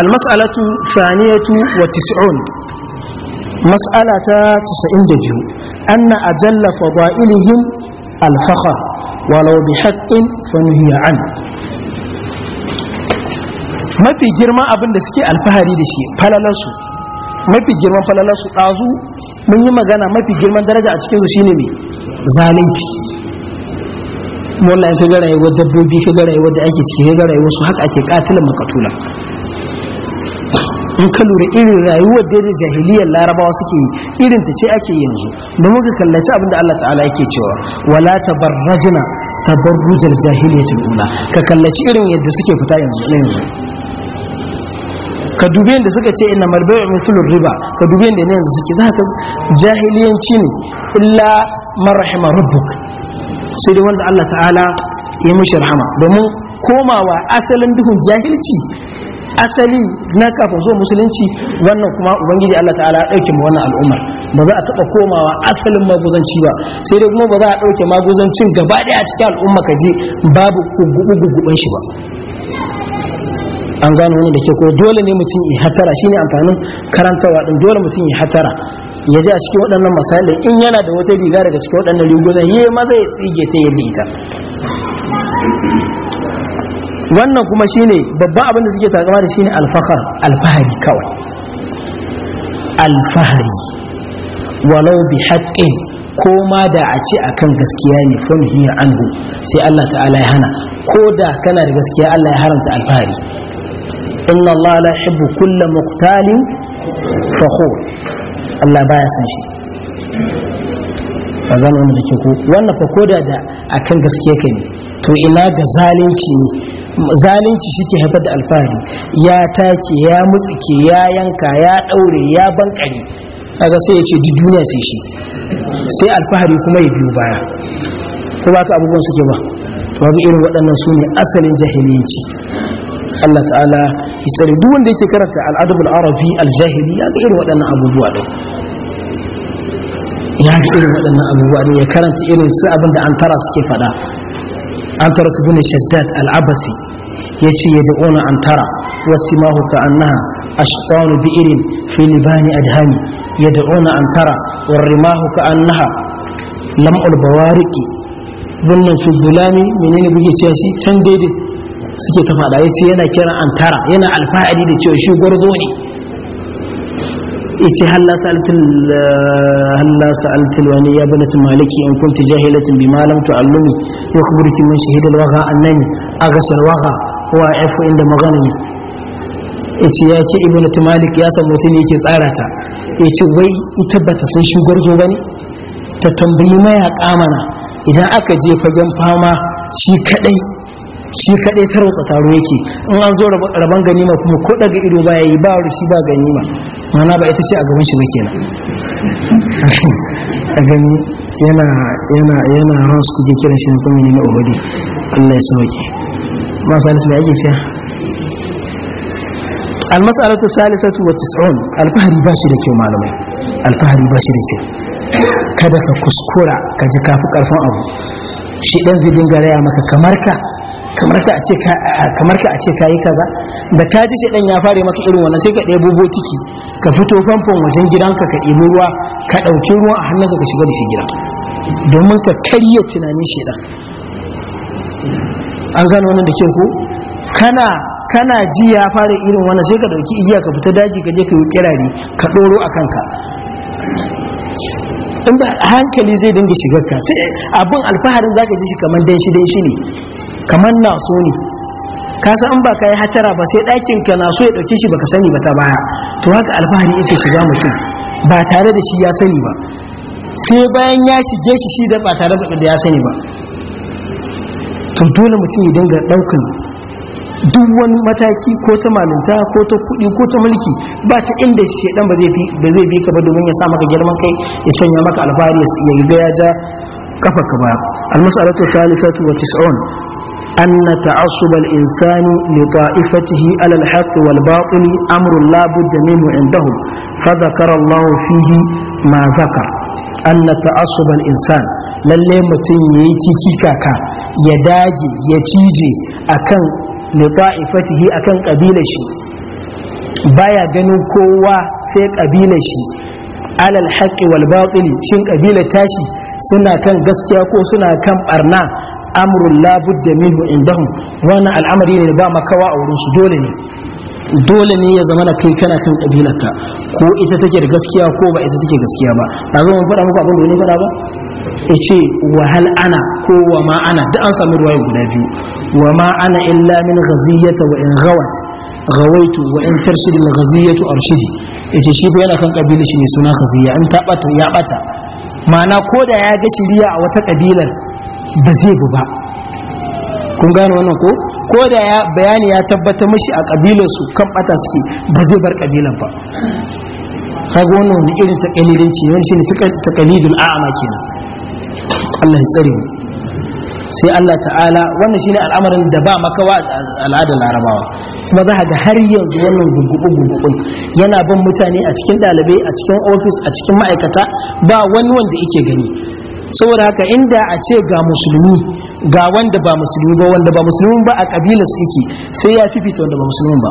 المسألة ثانية وتسعون مسألة تسعين دجو أن أجل فضائلهم الفخر ولو بحق فنهي عنه mafi girman abin suke alfahari da shi falalarsu mafi girman falalarsu ɗazu mun yi magana mafi girman daraja a cikinsu shine mai zalunci wallahi ka ga rayuwar dabbobi ka ga rayuwar da ake ciki ka ga rayuwar su haka ake katilan makatula in ka lura irin rayuwar da jahiliyar larabawa suke yi irin ta ce ake yanzu da muka kallaci abin da Allah ta'ala yake cewa wala tabarrajna tabarrujal jahiliyatul ula ka kallaci irin yadda suke fita yanzu ka dubi yadda suka ce marbe marbayu mithlur riba ka dubi yadda yanzu suke za ka jahiliyanci ne illa marahima rahima rabbuk sai dai wanda Allah ta'ala ya mishi rahama domin komawa asalin duhun jahilci asali na kafin zuwa musulunci wannan kuma ubangiji Allah ta'ala ya dauke mu wannan al'ummar ba za a taba komawa asalin maguzanci ba sai dai kuma ba za a dauke maguzancin gaba daya a cikin al'umma ka ji babu gugugugun shi ba an gano wani da ke ko dole ne mutum ya hatara shine amfanin karantawa din dole mutum ya hatara ya ji a cikin waɗannan masalai in yana da wata riga daga cikin waɗannan rigunan yi ma zai tsige ta yadda ita wannan kuma shine babban abin da suke takama da shine alfahar alfahari kawai alfahari walau bi haƙƙin ko ma da a ce akan gaskiya ne fun hiya anhu sai Allah ta'ala ya hana ko da kana da gaskiya Allah ya haramta alfahari inna Allah la yuhibbu kulla muqtalin fakhur Allah baya san shi ba zan da ke ko wannan fa koda da akan gaskiya ka ne to ina ga zalunci ne zalunci shi ke haifar da alfahari ya take ya mutsike ya yanka ya daure ya bankare kaga sai ya ce duk duniya sai shi sai alfahari kuma ya biyu baya ko ba ka abubuwan suke ba to ga irin waɗannan su ne asalin jahiliyanci Allah ta'ala ya tsare duk wanda yake karanta al'adabul arabi al-jahili ya ga irin waɗannan abubuwa din ya ga irin waɗannan abubuwa ne ya karanta irin su abin da an tara suke faɗa antarat bin shaddad al-abasi yace yad'una antara wasimahu ka'annaha ashtanu bi'irin fi libani adhami yad'una antara warimahu ka'annaha lam'ul bawariki wannan fi zulami menene kuke cewa shi can daidai suke ta ya ce yana kiran antara yana alfahari da cewa shi gwarzo ne yace halla eh, sa'altul wani ya tun maliki in kunta jahilatin allumi lam tu'allimi yukhbiruki min shahid al-waqa annani aghsal waqa wa afu inda ne. yace ya ce ibnu malik ya san mutum yake tsara ta yace wai ita bata san shugar zo bane ta tambayi maya kamana idan aka je fagen fama shi kadai shi kadai tarwatsa taro yake in an zo raban ganima kuma ko daga ido ba yayi ba rushi ba ganima mana ba ita ce a gaban shi ba kenan a gani yana yana yana ran su kuke kiran shi na tsamani na ubadi Allah ya sauke ma salisu da ake fiya almas'alatu salisatu wa tis'un alfahari ba shi da kyau malamai alfahari ba shi da kyau kada ka kuskura ka ji kafi karfin abu shi dan zai dinga raya maka kamar ka kamar ka a ce ka yi kaza da ka ji shaɗan ya fara maka irin wannan sai ka ɗebo ciki ka fito famfon wajen gidanka ka ɗebi ruwa ka ɗauki ruwa a hannunka ka shiga da shi gida domin ka karya tunanin shaɗan an gano wannan da kyau ko kana kana ji ya fara irin wannan sai ka ɗauki igiya ka fita daji ka je ka yi kirari ka ɗoro a kanka in ba hankali zai dinga shigar ka sai abin alfaharin zaka ji shi kamar danshi danshi ne kamar na so ne ka san ba ka yi hatara ba sai ɗakin ka na so ya ɗauke shi baka sani ba ta baya to haka alfahari yake shiga mutum ba tare da shi ya sani ba sai bayan ya shige shi shi da ba tare da ya sani ba to dole mutum ya dinga ɗaukan duk wani mataki ko ta malinta ko ta kuɗi ko ta mulki ba ta inda shi shaidan ba zai bi ka ba domin ya sa maka girman kai ya sanya maka alfahari ya yi ya ja kafa ka ba almas'alatu thalithatu wa أن تعصب الإنسان لطائفته على الحق والباطل أمر لا بد منه عندهم فذكر الله فيه ما ذكر أن تعصب الإنسان lalle mutum ya yi kikikaka ya dage ya cije akan kan luta'ifatihi a kan shi baya ganin kowa sai ƙabilar shi alal haƙƙi wal shin ƙabilar tashi suna kan gaskiya ko suna kan ɓarna Amru la budda minhu indahum wannan al'amari ne ba makawa a wurin su dole ne dole ne ya zama na kai kana kan kabilarka ko ita take da gaskiya ko ba ita take gaskiya ba na zo mun faɗa muku abin da wani faɗa ba ya ce wa hal ana ko wa ma ana da an samu ruwaye guda biyu wa ma ana illa min ghaziyata wa in ghawat ghawaitu wa in tarshid al ghaziyatu arshidi yace shi ko yana kan kabilar shi ne suna ghaziya in ta bata ya bata ma'ana ko da ya ga shiriya a wata kabilar ba zai bu ba kun gane wannan ko ko da ya bayani ya tabbata mashi a kabilar su kan bata suke ba zai bar kabilan ba kaga wannan wani irin takalidanci wani ta takalidul a'ama kenan Allah ya tsare mu sai Allah ta'ala wannan shine al'amarin da ba makawa al'adar larabawa kuma za ga har yanzu wannan gugubu yana ban mutane a cikin dalibai a cikin ofis a cikin ma'aikata ba wani wanda yake gani saboda haka inda a ce ga musulmi ga wanda ba musulmi ba wanda ba musulmi ba a kabila su yake sai ya fifita wanda ba musulmi ba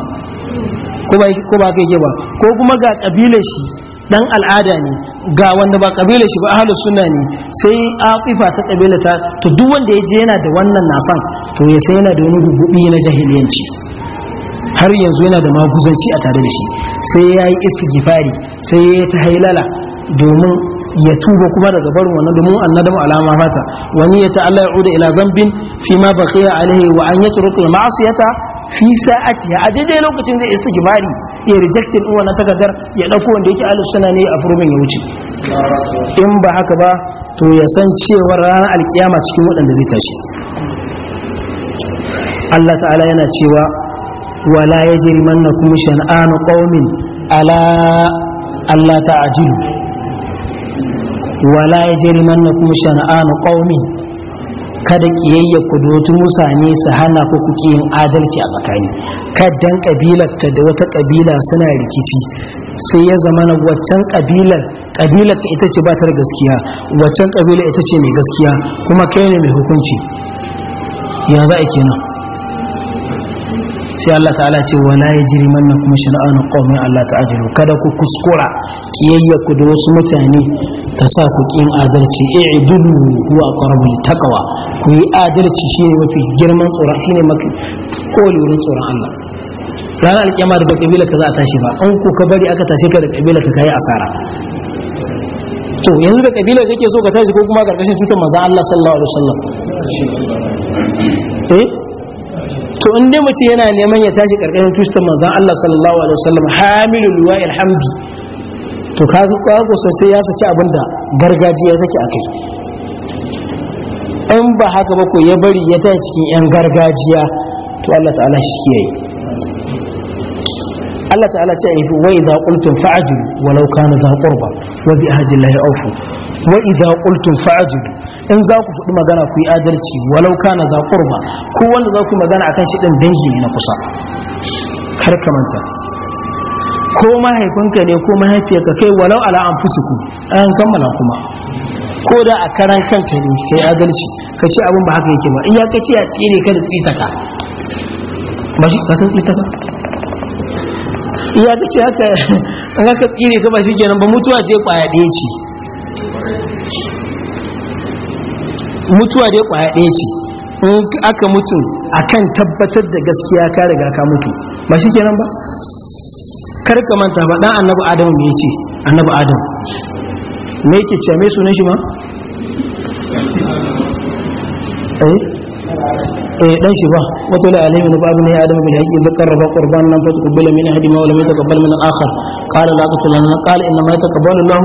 ko ba ka yake ba ko kuma ga kabila shi dan al'ada ne ga wanda ba kabila shi ba ahlus sunna ne sai atifa ta kabila ta to duk wanda ya je yana da wannan nasan to ya sai yana da wani gugubi na jahiliyanci har yanzu yana da maguzanci a tare da shi sai ya yi gifari sai ya ta hailala domin ya tuba kuma daga barin wannan domin annadamu alama fata wani ya ta'alla ya'uda ila zambin fi ma baqiya alaihi wa an yatruka al-ma'siyata fi sa'atiha a daidai lokacin zai isa istighfari ya rejectin din wannan takardar ya dauko wanda yake ahlus sunna ne a furumin ya wuce in ba haka ba to ya san cewa ranar alkiyama cikin waɗanda zai tashi Allah ta'ala yana cewa wala yajrimannakum shan'anu qaumin ala Allah ta'ajilu wala ya jari manna kuma shana'anu ƙaumi kada kiyayya ku dotu mutane su hana ku kuke yin adalci a tsakani kaddan ƙabilar ta da wata ƙabila suna rikici sai ya zama na waccan ƙabilar ƙabilar ka ita ce ba ta da gaskiya waccan kabila ita ce mai gaskiya kuma kai ne mai hukunci yanzu a sai Allah ta'ala ce wa wala yajri manna kuma shana'an qaumin Allah ta'ajilu kada ku kuskura kiyayya ku da wasu mutane ta sa ku kin adalci i'dilu huwa aqrabu taqwa ku yi adalci shine mafi girman tsoron shine mafi kolirin tsoron Allah ranar alƙyama da kabila ka za a tashi ba an ku ka bari aka tashi ka da kabila ka kayi asara to yanzu da kabila kake so ka tashi ko kuma karkashin tutar manzo Allah sallallahu alaihi wasallam eh to in dai mutum yana neman ya tashi karkashin tushen manzon Allah sallallahu alaihi wasallam Hamilu wa alhamdi to kaga kwago sai ya saki abinda gargajiya take a kai. in ba haka ba ko ya bari ya tashi cikin yan gargajiya to Allah ta'ala shi kiyaye Allah ta'ala ce in fi wai za qultum fa'jilu walau kana za qurba wa bi ahdillahi awfu wa idza qultum fa'dilu in za ku faɗi magana ku yi adalci walau kana za qurba ko wanda za ku magana akan shi din dangi ne na kusa kar ka manta ko mahaifinka ne ko mahaifiyarka kai walau ala anfusikum an kammala kuma ko da a karan kanka ne kai adalci ka ce abin ba haka yake ba iya ka ce a tsire ka da tsitaka ba shi ka san tsitaka iya ka ce haka an haka tsire ka ba shi kenan ba mutuwa ce kwaya ɗaya ce mutuwa dai kwaya ɗaya ce in aka mutu akan tabbatar da gaskiya ka riga ka mutu ba shi kenan ba kar manta ba dan annabi adam me yace annabi adam me yake cewa me sunan shi ma eh? eh dan shi ba wato la alayhi min ba'd ne adam bil haqqi zakarra qurban lam fatqabbal min ahadi ma lam yataqabbal min al-akhar qala la qatala qala inna ma yataqabbalu Allah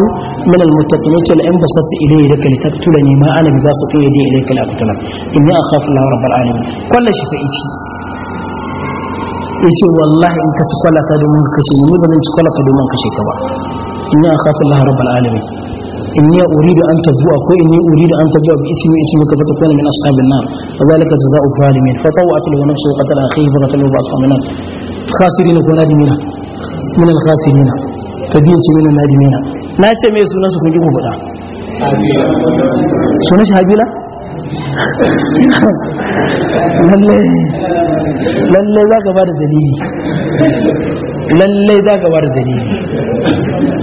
min al-muttaqin wa la in basatta ilayhi laka litaqtulani ma ana bi basati yadi ilayka la aqtala inni akhafu Allah rabbal alamin kullu shafi'i yace wallahi in ka ci kwalata domin ka kashe ni ba zan ci kwalata domin kashe ka ba inni akhafu Allah rabbal alamin inni uridu an tabu ko inni uridu an tabu bi ismi ismika fa takuna min ashabin جزاء الظالمين فطوعت له نفسه قتل اخيه فقتله فاصبح من الخاسرين ko nadimina min al-khasirin tabiyin ce min nadimina na ce me sunan su kun ji ku shi habila za ka ba da dalili lallai za ka bada dalili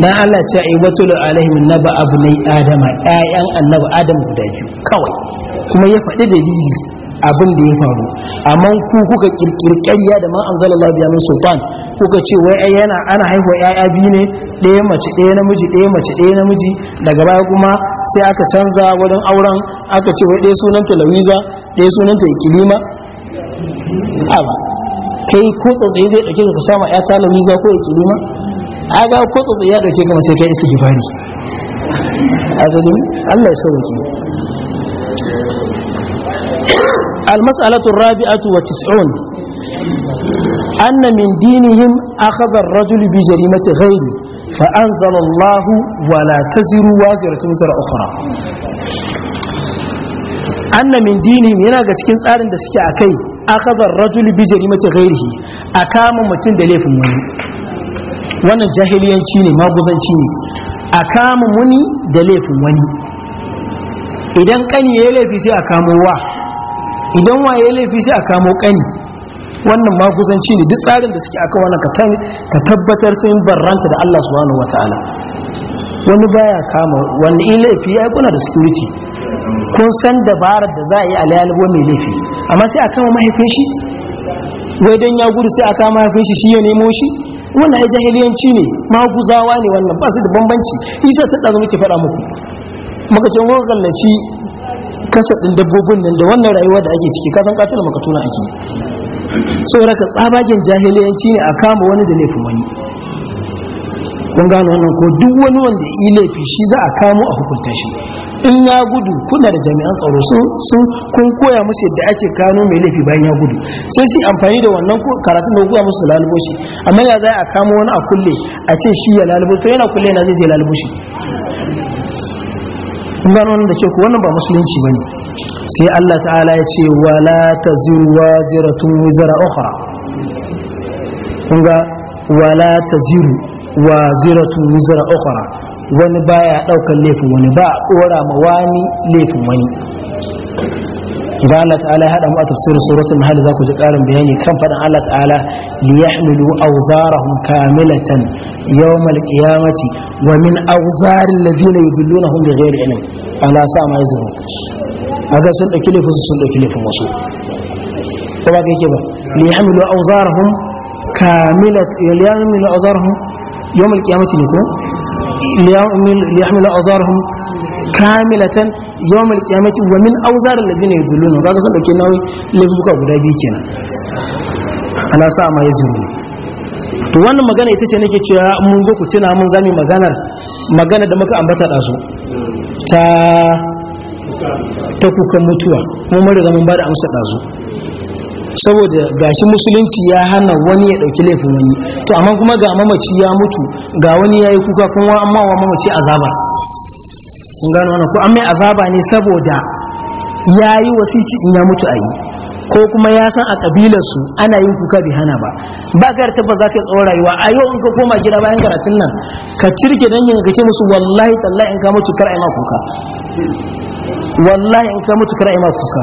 na Allah ce ai na ba naba abnai adama ayan annabi adam guda biyu kawai kuma ya faɗi dalili abin da ya faru amma ku kuka kirkirkariya da ma anzalallahu biya min sultan kuka ce wai ai yana ana haihuwa 'ya'ya biyu ne ɗaya mace ɗaya namiji ɗaya mace ɗaya namiji daga baya kuma sai aka canza wajen auren aka ce wai ɗaya sunanta lawiza ɗaya sunanta ikilima kai ko tsatsaye zai dauke ka sama ya ta launi ko ya kilima a ga ko tsatsaye ya dauke ka sai kai isa gibari a gani Allah ya sauke المسألة الرابعة والتسعون أن من دينهم أخذ الرجل بجريمة غيره فأنزل الله ولا تزر وازرة وزر أخرى أن من دينهم ينقى تكين سألن دسكي أكي akhadha ar-rajulu bi jarimati ghairihi a kama mutum da laifin wani wannan jahiliyanci ne maguzanci ne a kama muni da laifin wani idan kani ya laifi sai a kamo wa idan wa ya laifi sai a kamo kani wannan maguzanci ne duk tsarin da suke aka wannan ka tabbatar sun barranta da Allah subhanahu wataala wani baya kama wani laifi ya kuna da security kun san dabarar da za a yi alayyalbo mai laifi amma sai a kama mahaifin shi wai don ya gudu sai a kama mahaifin shi shi ya nemo shi wannan ya jahiliyanci ne maguzawa ne wannan ba su da bambanci isa ta ɗaga muke faɗa muku makacin ce wani kallaci kasa ɗin dabbobin nan da wannan rayuwa da ake ciki kasan katil makatuna ake saboda ka tsabagen jahiliyanci ne a kama wani da laifin wani kun gano wannan ko duk wani wanda ya yi laifi shi za a kamo a hukunta shi in ya gudu kuna da jami'an tsaro sun kun koya musu yadda ake kano mai laifi bayan ya gudu sai su amfani da wannan karatun da koya musu lalubo amma ya za a kama wani a kulle a ce shi ya lalubo to yana kulle na zai je lalubo shi kun gano wannan da ke ku wannan ba musulunci bane sai Allah ta'ala ya ce wala taziru waziratun wizara ukhra kun ga wala taziru waziratun wizara ukhra wani baya ɗaukar laifin wani ba a ɗora ma wani laifin wani idan Allah ta'ala ya hada mu a tafsirin suratul mahal za ku ji karin bayani kan fadan Allah ta'ala li yahmilu awzarahum kamilatan yawmal qiyamati wa min awzaril ladina yudillunahum bighairi ilm ala sa ma yazun aga sun dauki laifin sun dauki laifin wasu ko ba kai ke ba li yahmilu awzarahum kamilatan yawmal qiyamati ne ko liyahmila azarhum kamilatan yawmal qiyamati wa min awzar alladhina yudhilluna kaga sun dauke nauyi laifuka guda biyu kenan ana sa ma yazuru to wannan magana ita ce nake cewa mun zo ku tuna mun zami maganar magana da muka ambata da su ta ta kukan mutuwa kuma mun riga mun ba da amsa da saboda gashi musulunci ya hana wani ya dauki laifin wani to amma kuma ga mamaci ya mutu ga wani yayi kuka kuma amma wa mamaci azaba kun wannan ko amma azaba ne saboda yayi wasici in ya mutu ayi ko kuma ya san a kabilarsu ana yin kuka bai hana ba ba ka tabbas za ka tsawon rayuwa a yau in ka koma gida bayan karatun nan ka cirke dangin ka ce musu wallahi tallahi in ka mutu kar ai ma ma kuka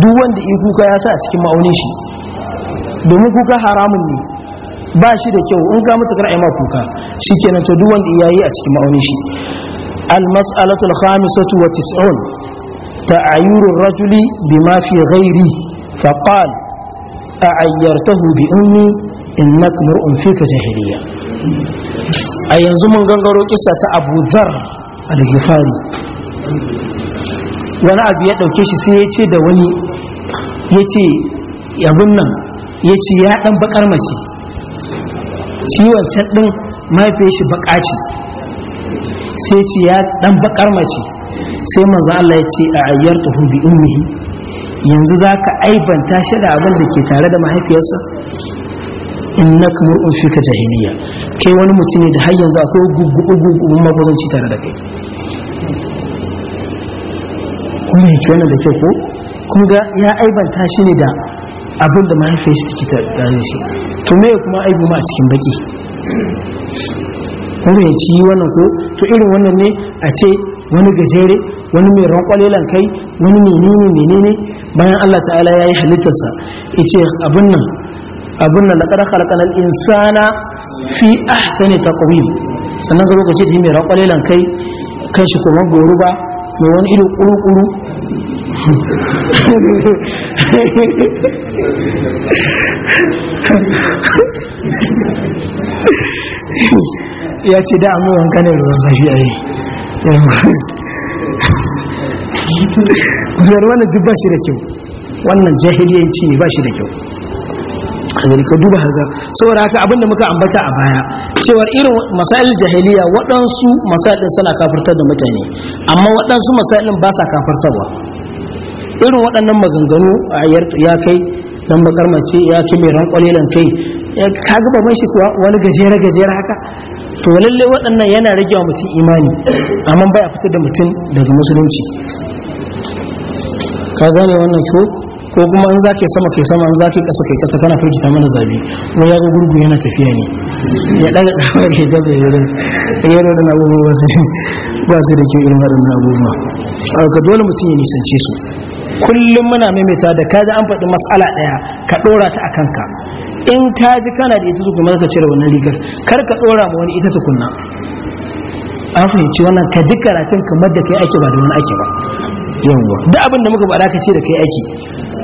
duk wanda iya kuka ya sa a cikin ma'aunin shi domin kuka haramun ne ba shi da kyau in ka mutu kar ai ma kuka shikenan to duk wanda yi a cikin ma'aunin shi al mas'alatul khamisatu wa tis'un ta'ayyuru rajuli ma fi ghairi fa qal a'ayyartahu bi ummi innaka mar'un fi jahiliya a yanzu mun gangaro kisa ta Abu Dharr al-Ghifari wani abu ya ɗauke shi sai ya ce da wani ya ce abin nan ya ce ya dan bakar mace ciwon can ɗin mahaifiyar shi baka ce sai ce ya dan bakar mace sai maza Allah ya ce a ayyar tuhu bi ummihi yanzu za ka aibanta shi da abin da ke tare da mahaifiyarsa In innaka mur'un ta jahiliya kai wani mutum ne da har yanzu akwai gugugugugun gugu tare da kai kun fahimci wannan da ke ko kun ga ya aibanta shi ne da abin da mahaifiyar shi ta tare shi to me kuma aibu ma a cikin baki kun ci wannan ko to irin wannan ne a ce wani gajere wani mai rankwalelan kai wani menene menene bayan Allah ta'ala ya yi halittarsa ya ce abin nan abin nan laƙar halkanar insana fi ahsani taqwim sannan ga lokaci da mai rankwalelan kai kan shi kuma goruba mai wani ido ƙuruƙuru. ya ce da mu wanka ne ruwan zafi a yi wannan duk ba shi da kyau wannan jahiliyanci ne ba shi da kyau a ka duba haka saboda haka abinda muka ambata a baya cewar irin masail jahiliya waɗansu masailin suna kafirtar da mutane amma waɗansu masailin ba sa kafirtarwa irin waɗannan maganganu a ya kai dan makarmaci ya ci mai ran kwalelan kai eh, ka ga mai shi kuwa wani gajere gajere haka to lalle waɗannan yana rage wa mutum imani amma a fitar da mutum daga musulunci ka gane wannan ko ko kuma an zake sama kai sama an zake kasa kai kasa kana firgita mana zabi Ko ya zo gurgu yana tafiya ne ya daga kawai ke gaza ya yi ya rin abubuwa ba su da kyau irin waɗannan abubuwa ka dole mutum ya nisance su kullum muna maimaita da kaji an faɗi mas'ala ɗaya ka ɗora ta a kanka in kaji kana da ita kuma ka cire wannan rigar kar ka ɗora ma wani ita tukunna an fahimci wannan ka ji karatun kamar da kai aiki ba da wani aiki ba yawwa duk abin da muka faɗa ka ce da kai aiki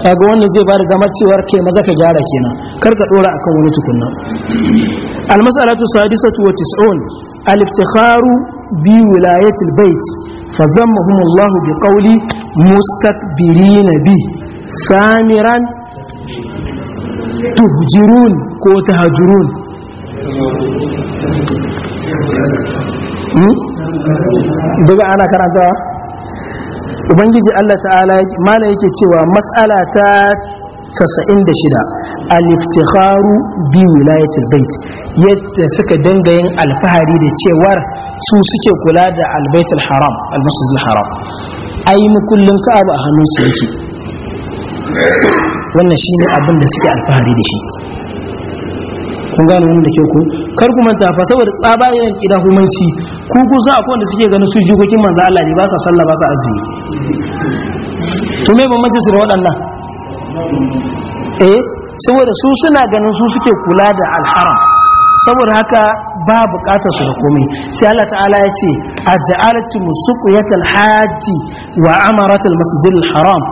kaga wannan zai ba da damar cewar kai maza ka gyara kenan kar ka ɗora akan wani tukunna al-mas'alatu sadisatu wa tis'un al-iftikharu bi wilayatil bait fa zammahumullahu bi qawli mustakbirin bi samiran tuhjirun ko tahjurun daga ana karantawa ubangiji Allah ta'ala mala yake cewa matsala ta 96 al-iftikharu bi wilayatil bait yadda suka dinga yin alfahari da cewar su suke kula da albaitul haram almasjidul haram ai ka abu a hannun su yake wannan shine abin da suke alfahari da shi kun gane wanda da ke ku kar ku manta fa saboda tsaba idan humanci ku ku za ku wanda suke ganin su jikokin manzo Allah ne ba sa sallah ba sa azumi to me bambanci su da waɗannan eh saboda su suna ganin su suke kula da alharam saboda haka ba bukatar su da komai sai Allah ta'ala ya ce a ja'alatu musuqiyatal haji wa amaratul masjidil haram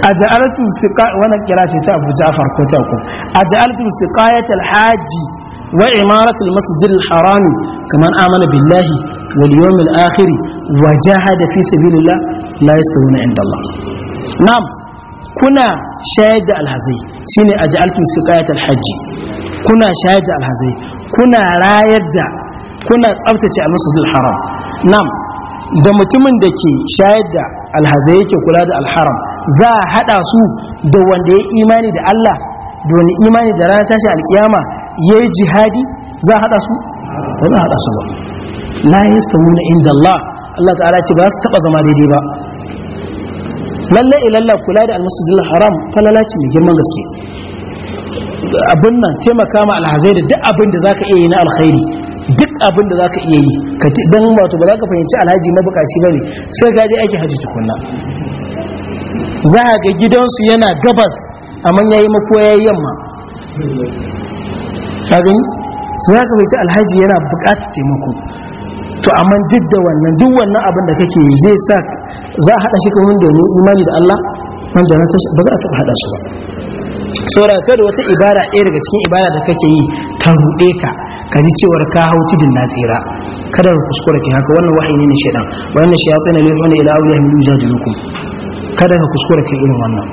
a ja'alatu siqa wannan kira ce ta Abu Ja'far ko ta ku a ja'alatu siqayatal haji wa imaratul masjidil haram kaman amana billahi wal yawmil akhir wa jahada fi sabilillah la yastawuna inda Allah na'am kuna shayar da alhazai shine aj'altum siqayat alhajj kuna shayar da alhazai kuna rayar da kuna tsaftace almasjidil haram nam da mutumin da ke shayar da alhazai yake kula da alharam za a hada su da wanda ya imani da Allah da wani imani da ranar tashi alkiyama ya yi jihadi za a hada su ba za a hada su ba la yastawuna inda Allah Allah ta'ala ce ba su taba zama daidai ba lalle ilalla kula da almasjidil haram falala ce mai girman gaske abin nan taimaka ma alhazai da duk abin da zaka iya yi na alkhairi duk abin da zaka iya yi ka dan wato ba za ka fahimci alhaji mabukaci bane sai ka je aiki haji tukunna za a ga gidansu yana gabas amma yayi mako yayi yamma ka za ka fahimci alhaji yana bukatar taimako to amma duk da wannan duk wannan abin da kake yi zai sa za a haɗa shi kan domin imani da Allah wanda na tashi ba za a taɓa haɗa shi ba saboda kada wata ibada ɗaya daga cikin ibada da kake yi ta ruɗe ka ka ji cewar ka hau tudun na tsira kada ka kuskura ki haka wannan wahayi ne shaidan wannan shayatun ne wani ila auliya min yujadilukum kada ka kuskura ki irin wannan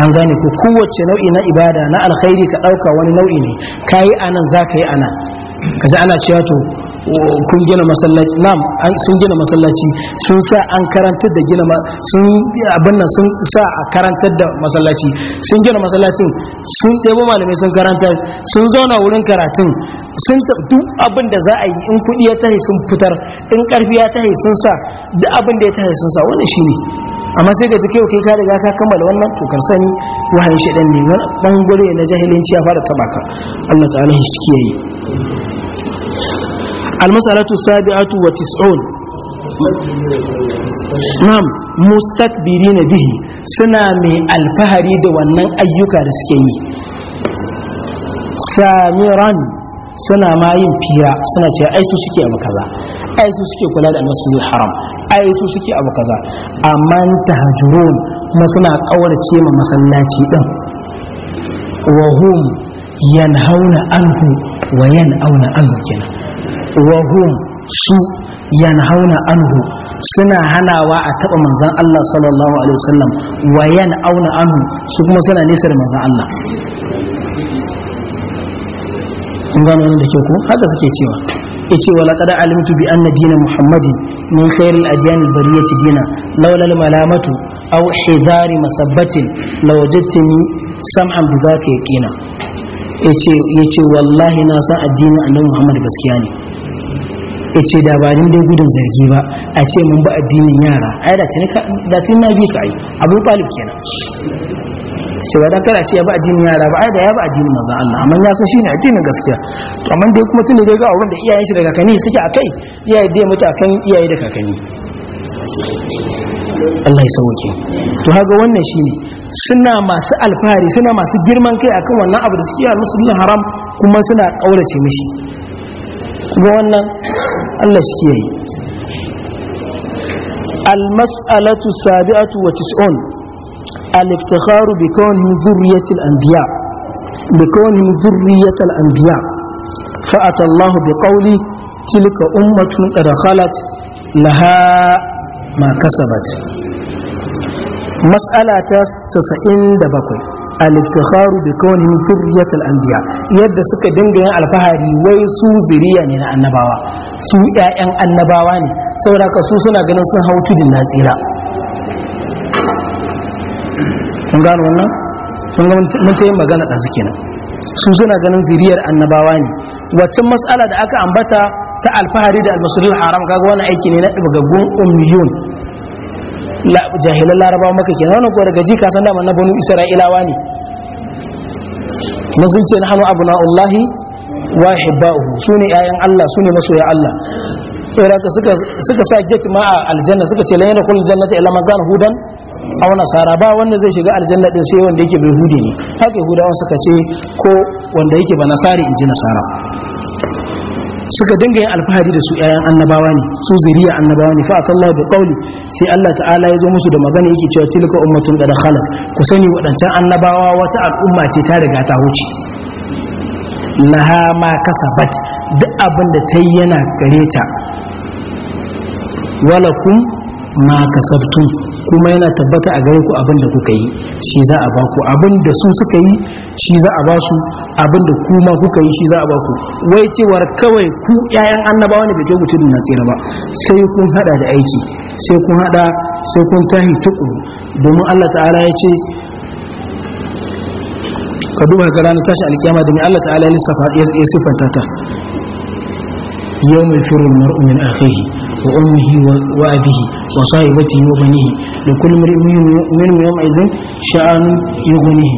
an gane ko kowace nau'i na ibada na alkhairi ka ɗauka wani nau'i ne ka yi anan za ka yi anan ka ji ana cewa to kun gina masallaci nam sun gina masallaci sun sa an karantar da gina sun abin nan sun sa a karantar da masallaci sun gina masallacin sun ɗebo malamai sun karanta sun zauna wurin karatun sun duk abin da za a yi in kuɗi ya tahi sun fitar in ƙarfi ya tahi sun sa duk abin da ya tahi sun sa wannan shine amma sai ka take kai ka riga ka kammala wannan to kan sani wahayin shedan ne wani bangare na jahilinci ya fara tabaka Allah ta'ala shi kiyaye المسألة السابعة وتسعون nam مستكبرين bihi suna mai alfahari da wannan ayyuka da suke yi samiran suna ma yin fira suna cewa ai su suke abu kaza ai su suke kula da masjidil haram ai su suke abu kaza amma tahajurun kuma suna kaurace ma masallaci din wa hum yanhauna anhu wa yan'auna anhu kenan wahum su yanhauna anhu suna hanawa a taba manzan Allah sallallahu alaihi wasallam wa anhu su kuma suna nesa da manzan Allah kun gano wannan da ke ku haka suke cewa ce wala qad alimtu bi anna dina muhammadin min khair al adyan al bariyati dina laula al malamatu aw hidari masabbatin lawajadtani sam'an bi zaka yaqina yace yace wallahi na san addinin annabi muhammad gaskiya ne ya ce da ba dai gudun zargi ba a ce mun ba addinin yara ai da tuni da tuni na bi ka abu talib kenan shi ba kada ce ya ba addinin yara ba ai da ya ba addinin manzon Allah amma ya san shine addinin gaskiya to amma dai kuma tun dai ga abin da iyayen shi da kani suke akai iyaye dai mutu akan iyaye da kakanni Allah ya sauke to haka wannan shine suna masu alfahari suna masu girman kai akan wannan abu da suke yi musulmi haram kuma suna kaurace mishi kuma wannan Allah shi ke yi almas'alatu sabi'atu wa tis'un al-iftikharu bi kawnihim zurriyatal anbiya bi kawnihim zurriyatal anbiya fa atallahu bi qawli tilka ummatun qad khalat laha ma kasabat mas'ala ta 97 al-iftikharu bi kaunihim zurriyatul anbiya yadda suka dinga yin alfahari wai su zuriya ne na annabawa su ƴaƴan annabawa ne saboda ka su suna ganin sun hau tudin na tsira kun gano wannan kun ga mun ta yin magana da suke nan su suna ganin zuriyar annabawa ne waccan mas'ala da aka ambata ta alfahari da al-masrul haram kaga wannan aiki ne na dubagaggun ummiyun jahilan laraba maka ke nan ko daga ji kasan dama na banu isra'ilawa ne na sun ce na hannu abu na'ullahi wa hibba'u su ne 'ya'yan allah su ne masoya allah saboda suka sa gate ma a aljanna suka ce lanyar kullum jannata ila magan hudan a wani sara ba wanda zai shiga aljanna din sai wanda yake bai hudu ne haka yahudawa suka ce ko wanda yake ba nasari in ji nasara suka dinga yin alfahari da su ƴaƴan annabawa ne su zuriya annabawa ne fa Allah bi qawli sai Allah ta'ala ya zo musu da magana yake cewa tilka ummatun da khalat ku sani wadancan annabawa wata al'umma ce ta riga ta wuce laha ma kasabat duk abin da ta yi yana gare ta walakum ma kasabtum kuma yana tabbata a gare ku abin da kuka yi shi za a baku abin da su suka yi shi za a ba su abin da kuma kuka yi shi za a baku wai cewar kawai ku yayan annabawa ne bai ke mutum na tsira ba sai kun hada da aiki sai kun hada sai kun tahi tuku domin Allah ta'ala ya ce ka duba ga ranar tashi alkiyama da mai Allah ta'ala ya sifanta ta yawmin firul mar'u min akhihi وأمه وأبيه وصاحبته وبنيه لكل امرئ منهم يومئذ شأن يغنيه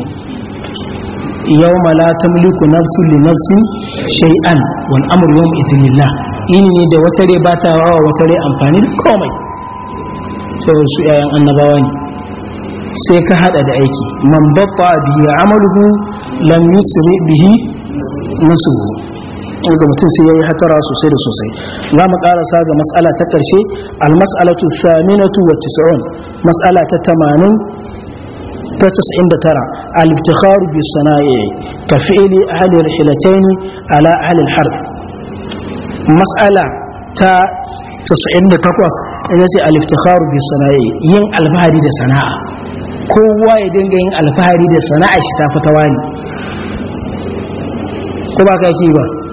يوم لا تملك نفس لنفس شيئا والأمر يومئذ لله إني da wata ba ta rawa wata komai to yayan annabawa ne sai ka hada da aiki man babba bihi amaluhu lam yusri bihi nasuhu daga mutum sai yayi hatara sosai da sosai za mu karasa ga mas'ala ta karshe al-mas'alatu thaminatu wa tis'un mas'ala ta 80 ta 99 al-ibtikhar bi sana'i ka fi'li ahli rihlatayn ala ahli al-harf mas'ala ta 98 ina ce al-ibtikhar bi sana'i yin alfahari da sana'a kowa ya dinga yin alfahari da sana'a shi ta fita wani ko ba ka yi ba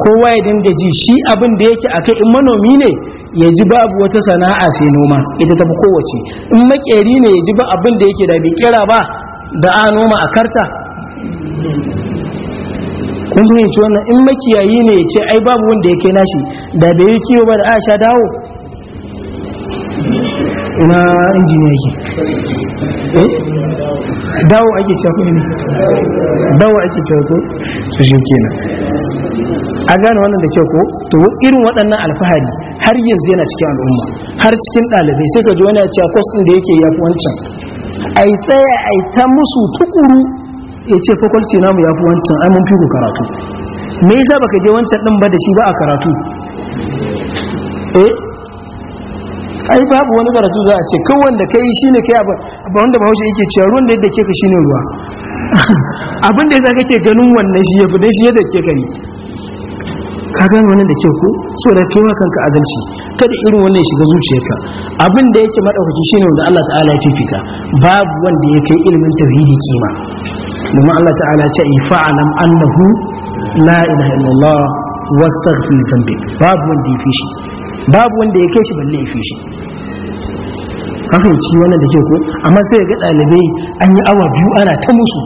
kowa ya dinga ji shi abin da yake akai in manomi ne ya ji babu wata sana'a sai noma ita tafi kowace in makeri ne ya ji ba abin da yake da bai kira ba da a noma a karta kun fahimci wannan in makiyayi ne ya ce ai babu wanda ya kai nashi da bai yi kiwo ba da a sha dawo ina injiniya ke dawo ake cewa eh? ne dawo ake cewa ko su shi kenan a gane wannan da kyau ko to irin waɗannan alfahari har yanzu yana cikin al'umma har cikin ɗalibai sai ka ji wani a cewa kwas ɗin da yake yafi wancan a yi tsaya a yi ta musu tukuru ya ce fakwalci namu yafi wancan ai mun fi ku karatu me yasa baka je wancan ɗin ba da shi ba a karatu eh ai babu wani karatu za a ce kawai da kai shine kai abu wanda ba bahaushe yake cewa ruwan da yadda ke ka shine ruwa abin da yasa kake ganin wannan shi yafi dan shi yadda ke ka ne ka gane wannan da kyau ko saboda kai ma kanka adalci kada irin wannan shiga zuciyarka abin da yake madaukaki shine wanda Allah ta'ala ya fifita babu wanda ya kai ilimin tauhidi kima domin Allah ta'ala ce yi fa'alam annahu la ilaha illallah wastaghfir dhanbi babu wanda ya fishi babu wanda ya kai shi balle ya fishi ka fahimci wannan da ke ko amma sai ga dalibai an yi awa biyu ana ta musu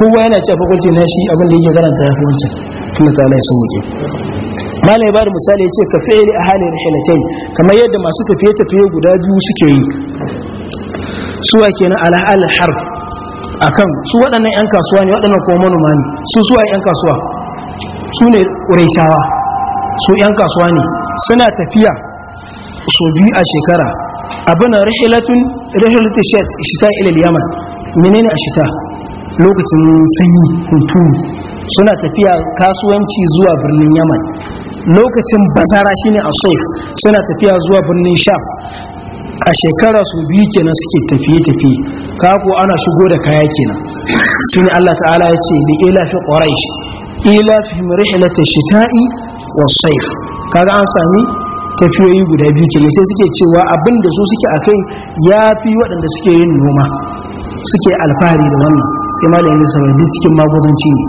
kowa yana cewa fakulti na shi abin da yake karanta ya fi wancan kuma ta Allah ya wuce malai ba da misali ya ce ka fi'ili a halin rihilatai kamar yadda masu tafiye-tafiye guda biyu suke yi suwa kenan ala al-harf akan su waɗannan 'yan kasuwa ne waɗannan kuma manoma ne su suwa 'yan kasuwa su ne ƙuraishawa su 'yan kasuwa ne suna tafiya su biyu a shekara abin na rihilatun rihilatun shita ilil yaman menene a shita lokacin sanyi hunturu suna tafiya kasuwanci zuwa birnin yaman lokacin basara shine a saif suna tafiya zuwa birnin sham a shekara su biyu kenan suke tafiye-tafiye kako ana shigo da kaya kenan shine Allah ta'ala ya ce da ila fi quraish ila fi rihlata shita'i wa saif kaga an sami tafiyoyi guda biyu kenan sai suke cewa abinda da su suke akai fi waɗanda suke yin noma suke alfahari da wannan sai malamin sabai cikin maguzanci ne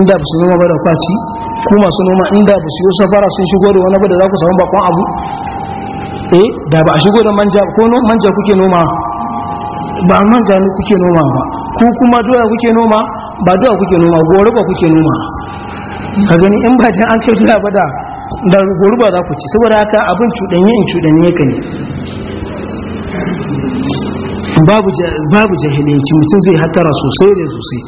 inda ba su noma ba da kwaci Kuma masu noma inda ba su yi safara sun shigo da wani da za ku samu bakon abu eh da ba a shigo da manja ko manja kuke noma ba manja ne kuke noma ba kuma doya kuke noma ba doya kuke noma goruba kuke noma ka gani in ba jan an kai doya ba da da goruba za ku ci saboda haka abin cuɗanye in cuɗanye ka ne babu jahilci mutum zai hatara sosai da sosai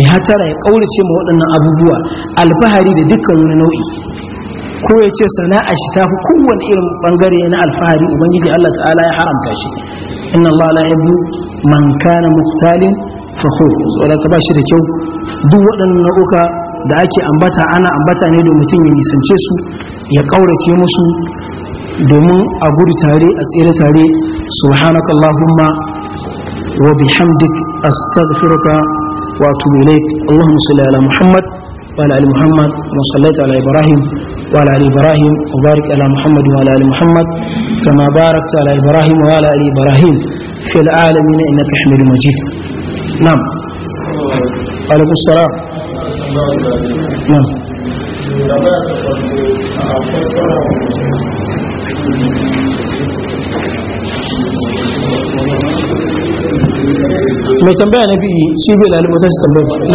ya hatara ya kaurace ma waɗannan abubuwa alfahari da dukkan wani nau'i ko ya ce sana'a shi ta fi kowane irin bangare na alfahari ubangiji Allah ta'ala ya haramta shi inna Allah la yabu man kana muqtalin fakhur wala ka bashi da kyau duk waɗannan nau'uka da ake ambata ana ambata ne da mutum ya nisance su ya kaurace musu domin a gudu tare a tsere tare subhanakallahumma وبحمدك أستغفرك وأتوب إليك اللهم صل على محمد وعلى آل محمد كما صليت على إبراهيم وعلى آل إبراهيم وبارك على محمد وعلى آل محمد كما باركت على إبراهيم وعلى آل إبراهيم في العالمين إنك حميد مجيد نعم وعليكم السلام نعم نعم mai tambaya na fi shi bai lalubu ta tambaya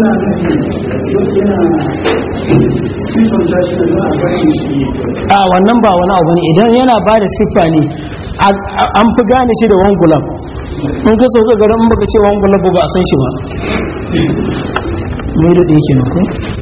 nan eh eh a wannan ba wani abu ne idan yana ba da siffa ne an fi gane shi da wangulam in ka sauka garin in baka ce wangulam ba a san shi ba mai da ɗaya kenan